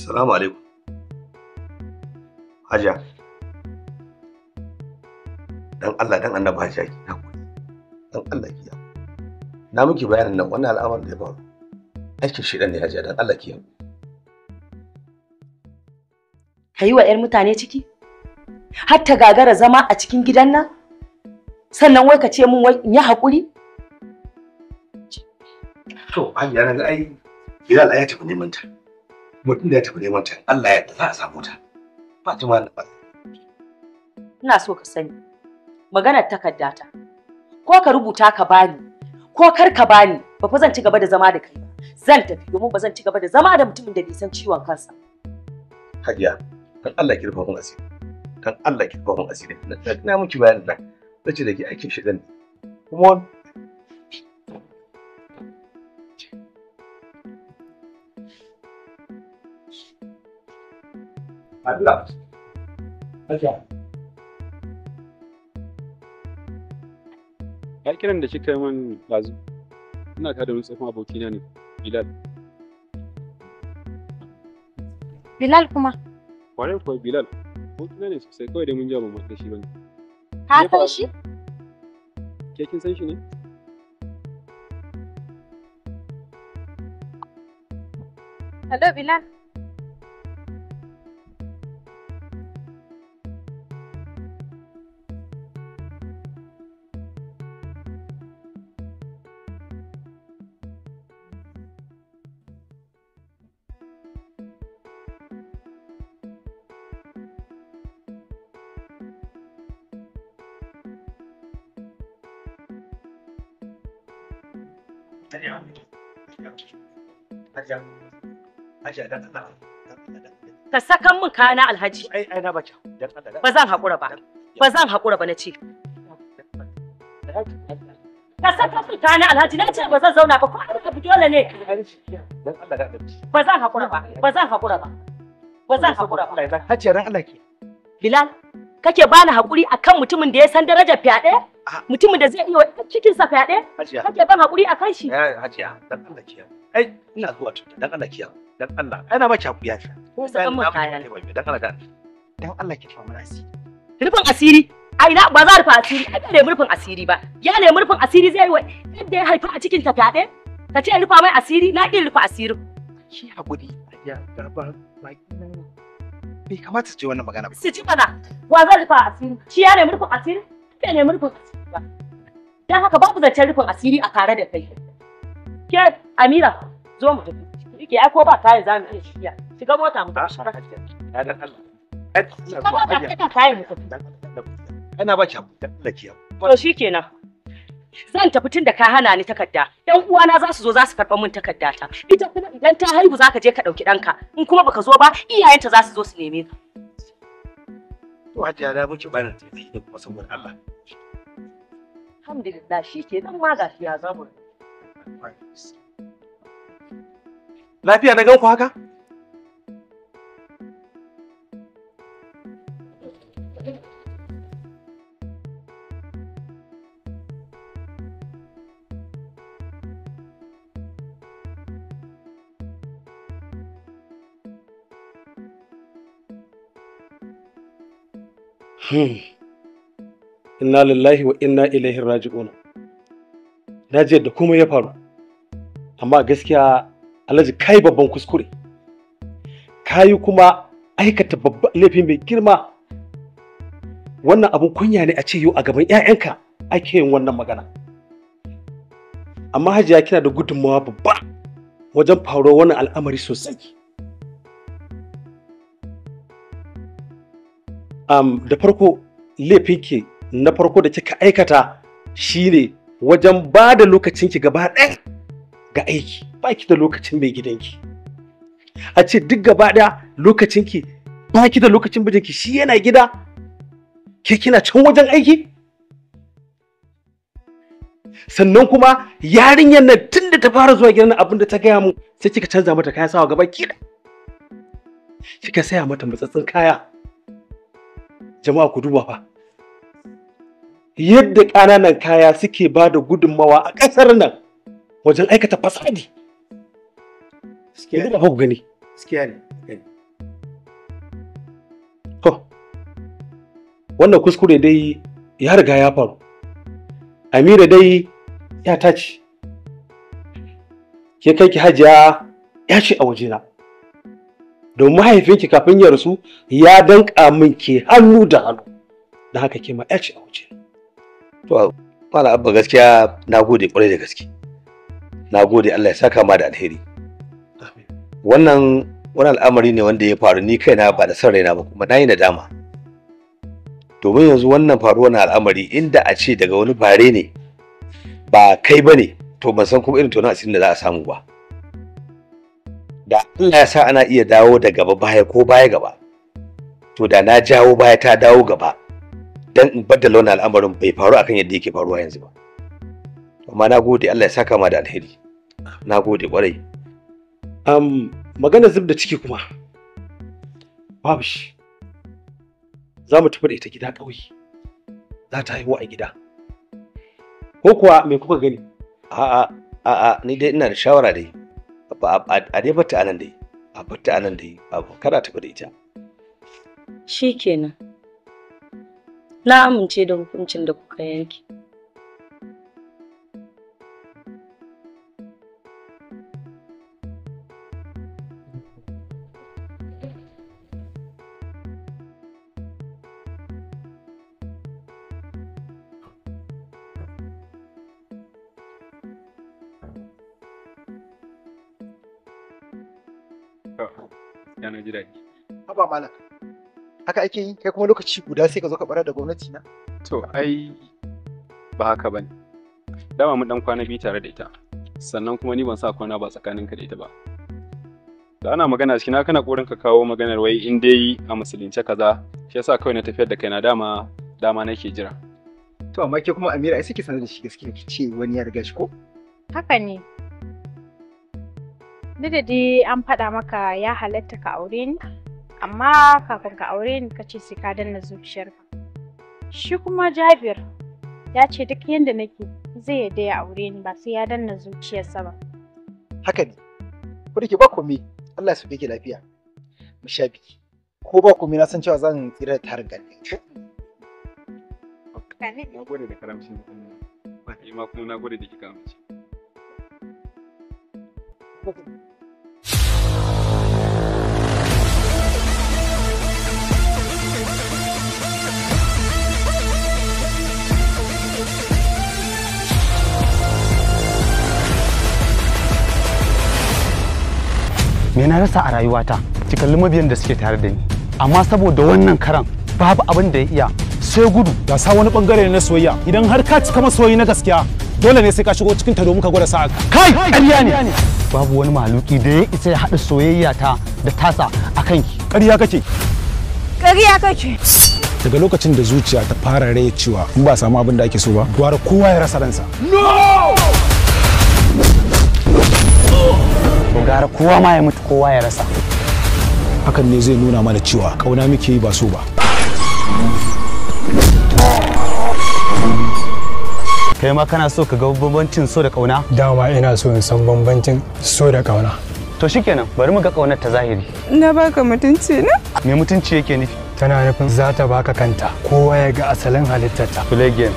Assalamu alaikum. Hajiya. Allah dan annabi Hajiya ki hakuri dan Allah ki na miki bayanin nan wannan al'amarin da ya faru aikin shi ne Hajiya dan Allah ki hakuri kayi wa 'yar mutane ciki har ta gagara zama a cikin gidan nan sannan wai ka ce min wai in yi haƙuri to Hajiya yana ga ai Allah ya tafi neman ta mutum da ya tafi neman ta Allah ya za a samu ta Fatima na ina so ka sani maganar takarda ta ko ka rubuta ka bani ko kar ka bani ba fa zan ci gaba da zama da kai zan tafi domin ba zan ci gaba da zama da mutumin da bai san ciwon kansa hajiya dan Allah ki rufa mun asiri dan Allah ki rufa mun asiri na miki bayanin nan zace da ki aikin shi dan kuma Allah Hajiya kiran da kika min ɗazu ina tare da wani tsofin abokina ne bilal bilal kuma kwarai kuwa bilal abokina ne sosai kawai da mun jawo mamman kai shi bane ka san shi ke kin san shi ne hello bilal Ka sakan min kana alhaji. Ai ai na baki. Ba zan haƙura ba. Ba zan haƙura ba na ce. Ka sakan min kana alhaji na ce ba zan zauna ba ko an ka dole ne. Ba zan haƙura ba. Ba zan haƙura ba. Ba zan haƙura ba. Hacce ran Allah ke. Bilal kake bani haƙuri akan mutumin da ya san darajar fyaɗe? Ah. mutumin da zai iya cikin sa fyaɗe? Kake ban haƙuri akan shi? Eh, Hajiya, dan Allah kiya. Ai, ina zuwa dan Allah kiya. dan Allah ana maki hakuri Aisha ko dan mu kaya dan Allah dan dan Allah ki fa mana asiri rufin asiri a ina ba za a rufe asiri a ne rufin asiri ba ya ne rufin asiri zai yi yadda ya haifa a cikin ta fyaɗe ka ce rufa mai asiri na ƙin rufe asirin ki hakuri ya garba baki bai kamata su ce wannan magana ba su ci mana wa zan rufa asiri shi ya ne rufin asiri ke ne rufin asiri ba dan haka babu zancen rufin asiri a tare da kai ke Amira zo mu tafi ke ai ko ba tayin zamu iya shiya shiga mota ah, mu tafi dan Allah ai ta ba ki dan Allah ki to shikenan zan tafi tun da ka hana ni takarda yan uwana za su zo za su karɓa min takarda ta ita kuma idan ta haihu za ka je ka ɗauki ɗanka in kuma baka zo ba iyayenta za su zo su neme ka to hajiya na ba barin tafi da kuma saboda Allah alhamdulillah shikenan ma gashi ya zamu Lafiya na ganku haka? Hmm. Inna lillahi wa inna ilaihi raji'un. Na ji yadda komai ya faru. Amma gaskiya alhaji ka yi babban kuskure ka yi kuma aikata babban laifi mai girma wannan abin kunya ne a ce yau a gaban 'ya'yanka ake yin wannan magana amma hajiya kina da gudunmawa babba wajen faruwar wannan al'amari sosai um, da farko laifinki na farko da kika aikata shine wajen ba da lokacinki gaba ɗaya ga aiki ba ki da lokacin mai gidanki a ce duk gaba ɗaya lokacinki ba ki da lokacin mijinki shi yana gida ke kina can wajen aiki sannan kuma yarinyar nan tun da ta fara zuwa gidan abin da ta gaya mu sai kika canza mata kaya sawa gaba kida kika saya mata matsatsin kaya jama'a ku duba fa yadda ƙananan kaya suke ba da gudunmawa a ƙasar nan wajen aikata fasadi yanzu ba gani gaskiya ne wannan kuskure dai ya riga ya faru amira dai ya tace ke kai ki hajiya ya ce a na? don mahaifinki kafin ya rasu ya danka min ke hannu da hannu da haka ke ma ya ce a wajena to mala abba gaskiya na gode kwarai da gaske na gode Allah ya saka ma da alheri wannan wani al'amari ne wanda ya faru ni kaina ba da son raina ba kuma na yi nadama domin yanzu wannan faruwa na al'amari inda a ce daga wani bare ne ba kai ba ne to ban san kuma irin tonon asirin da za a samu ba da Allah ya sa ana iya dawo da gaba baya ko baya gaba to da na jawo baya ta dawo gaba dan in baddala wannan al'amarin bai faru akan yadda yake faruwa yanzu ba amma na gode Allah ya saka ma da alheri na gode kwarai um, magana zub da ciki kuma babu shi za mu tafi da ita gida ƙauye za ta haihu a gida ko kuwa me kuka gani a'a a'a ni dai ina da shawara dai a dai batta anan dai a batta anan dai babu. kada ta da ita shikenan na amince da hukuncin da kuka yanke ji daɗi. Haba Haka ake yi kai kuma lokaci guda sai ka zo ka bara da gwamnati na. To ai ba haka ba ne. Dama mu dan kwana biyu tare da ita. Sannan kuma ni ban sa kwana ba tsakanin ka da ita ba. da ana magana shi na kana korin ka kawo maganar wai in dai a musulunce kaza shi yasa kawai na tafiyar da kaina dama dama nake jira to amma ke kuma Amira ai ki sanar da shi gaskiya ki ce wani ya riga shi ko haka ne duk da dai an faɗa maka ya halatta ka aure ni amma kafin ka aure ni ka ce sai ka danna zuciyarka shi kuma jabir ya ce duk yadda nake zai yadda ya aure ni ba sai ya danna zuciyarsa ba haka ne ko da ba komai Allah ya ki lafiya mu sha biki ko ba komai na san cewa zan tsira da tarin gani na gode da karamcin ba ta yi ma kuma na gode da kika amince Thank you. me na rasa a rayuwata ki kalli mabiyan da suke tare da ni amma saboda wannan karan babu abin da ya iya sai gudu ga sa wani bangare na soyayya idan har ka cika masoyi na gaskiya dole ne sai ka shigo cikin ta domin ka gwada sa'a kai ƙarya ne babu wani maluki da ya isa ya haɗa soyayya ta da tasa a kanki ƙarya kake ƙarya kake daga lokacin da zuciya ta fara raya cewa in ba samu abin da ake so ba gwara kowa ya rasa ransa no gara kowa ma ya mutu kowa ya rasa hakan ne zai nuna mana cewa kauna muke yi ba so ba kai ma kana so ka ga bambancin so da kauna dama ina so in san bambancin so da kauna to shikenan bari mu ga kaunar ta zahiri na baka mutunci na me mutunci yake nufi tana nufin za ta baka kanta kowa ya ga asalin halittarta Play game.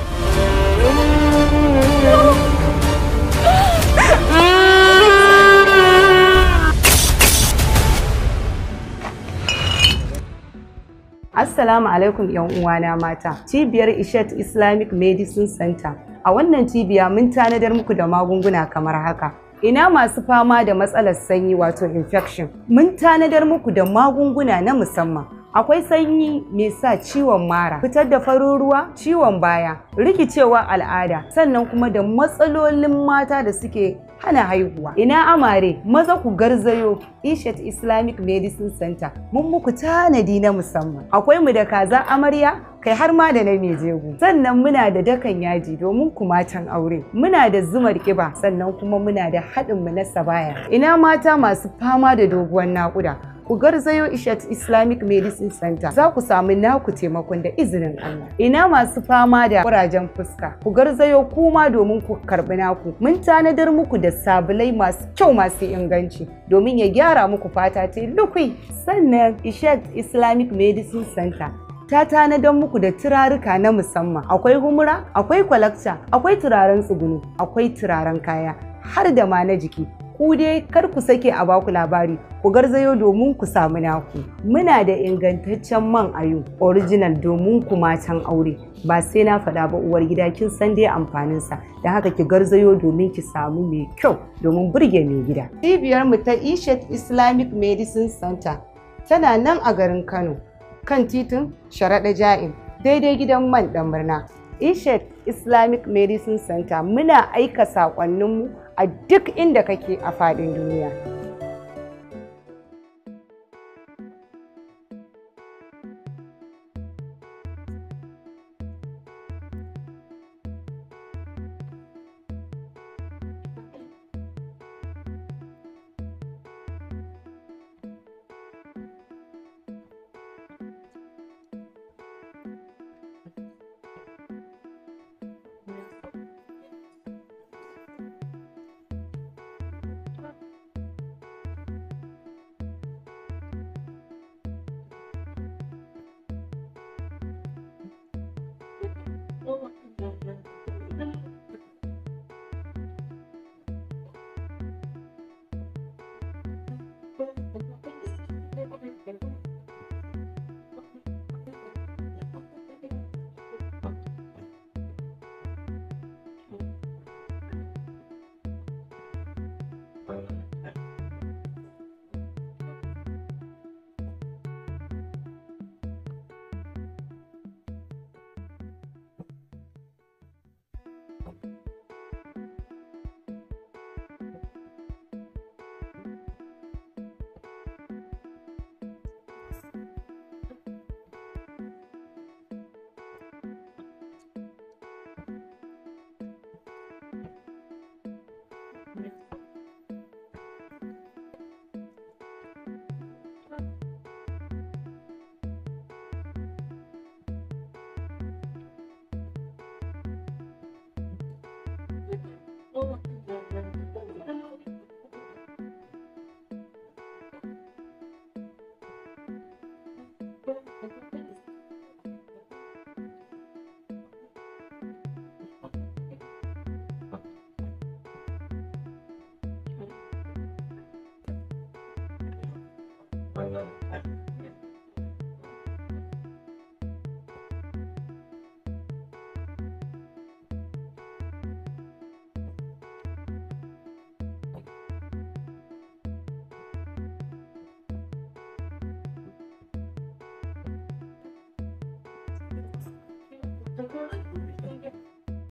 Assalamu alaikum yan uwana mata. Cibiyar Ishet Islamic Medicine Center. A wannan cibiya mun tanadar muku da magunguna kamar haka. Ina masu fama da matsalar sanyi wato infection. Mun tanadar muku da magunguna na musamman. Akwai sanyi mai sa ciwon mara, fitar da farin ruwa, ciwon baya, rikicewa al'ada, sannan kuma da matsalolin mata da suke hana haihuwa ina amare maza ku garzayo ishet islamic medicine center mun muku tanadi na musamman akwai mu da kaza amarya kai har ma da na mai jego sannan muna da dakan yaji domin ku matan aure muna da zumar kiba sannan kuma muna da haɗin mu na sabaya ina mata masu fama da doguwar naƙuda ku garzayo Ishat Islamic Medicine Center za ku samu naku taimakon da izinin Allah. Ina masu fama da kurajen fuska, ku garzayo kuma domin ku karɓi naku. Mun tanadar muku da sabulai masu kyau masu inganci domin ya gyara muku fata ta lukui. Sannan Ishat Islamic Medicine Center ta tanadar muku da turaruka na musamman akwai humura akwai kwalakta akwai turaren tsuguni, akwai turaren kaya har da ma na jiki ku dai kar ku sake a baku labari ku garzayo domin ku samu naku muna da ingantaccen man ayu original domin ku matan aure ba sai na faɗa ba uwar gida kin san dai sa da haka ki garzayo domin ki samu mai kyau domin burge mai gida cibiyar mu ta ishet islamic medicine center tana nan a garin kano kan titin sharaɗa ja'in daidai gidan man ɗan murna Ishet Islamic Medicine Center muna aika saƙonninmu a duk inda kake a faɗin duniya.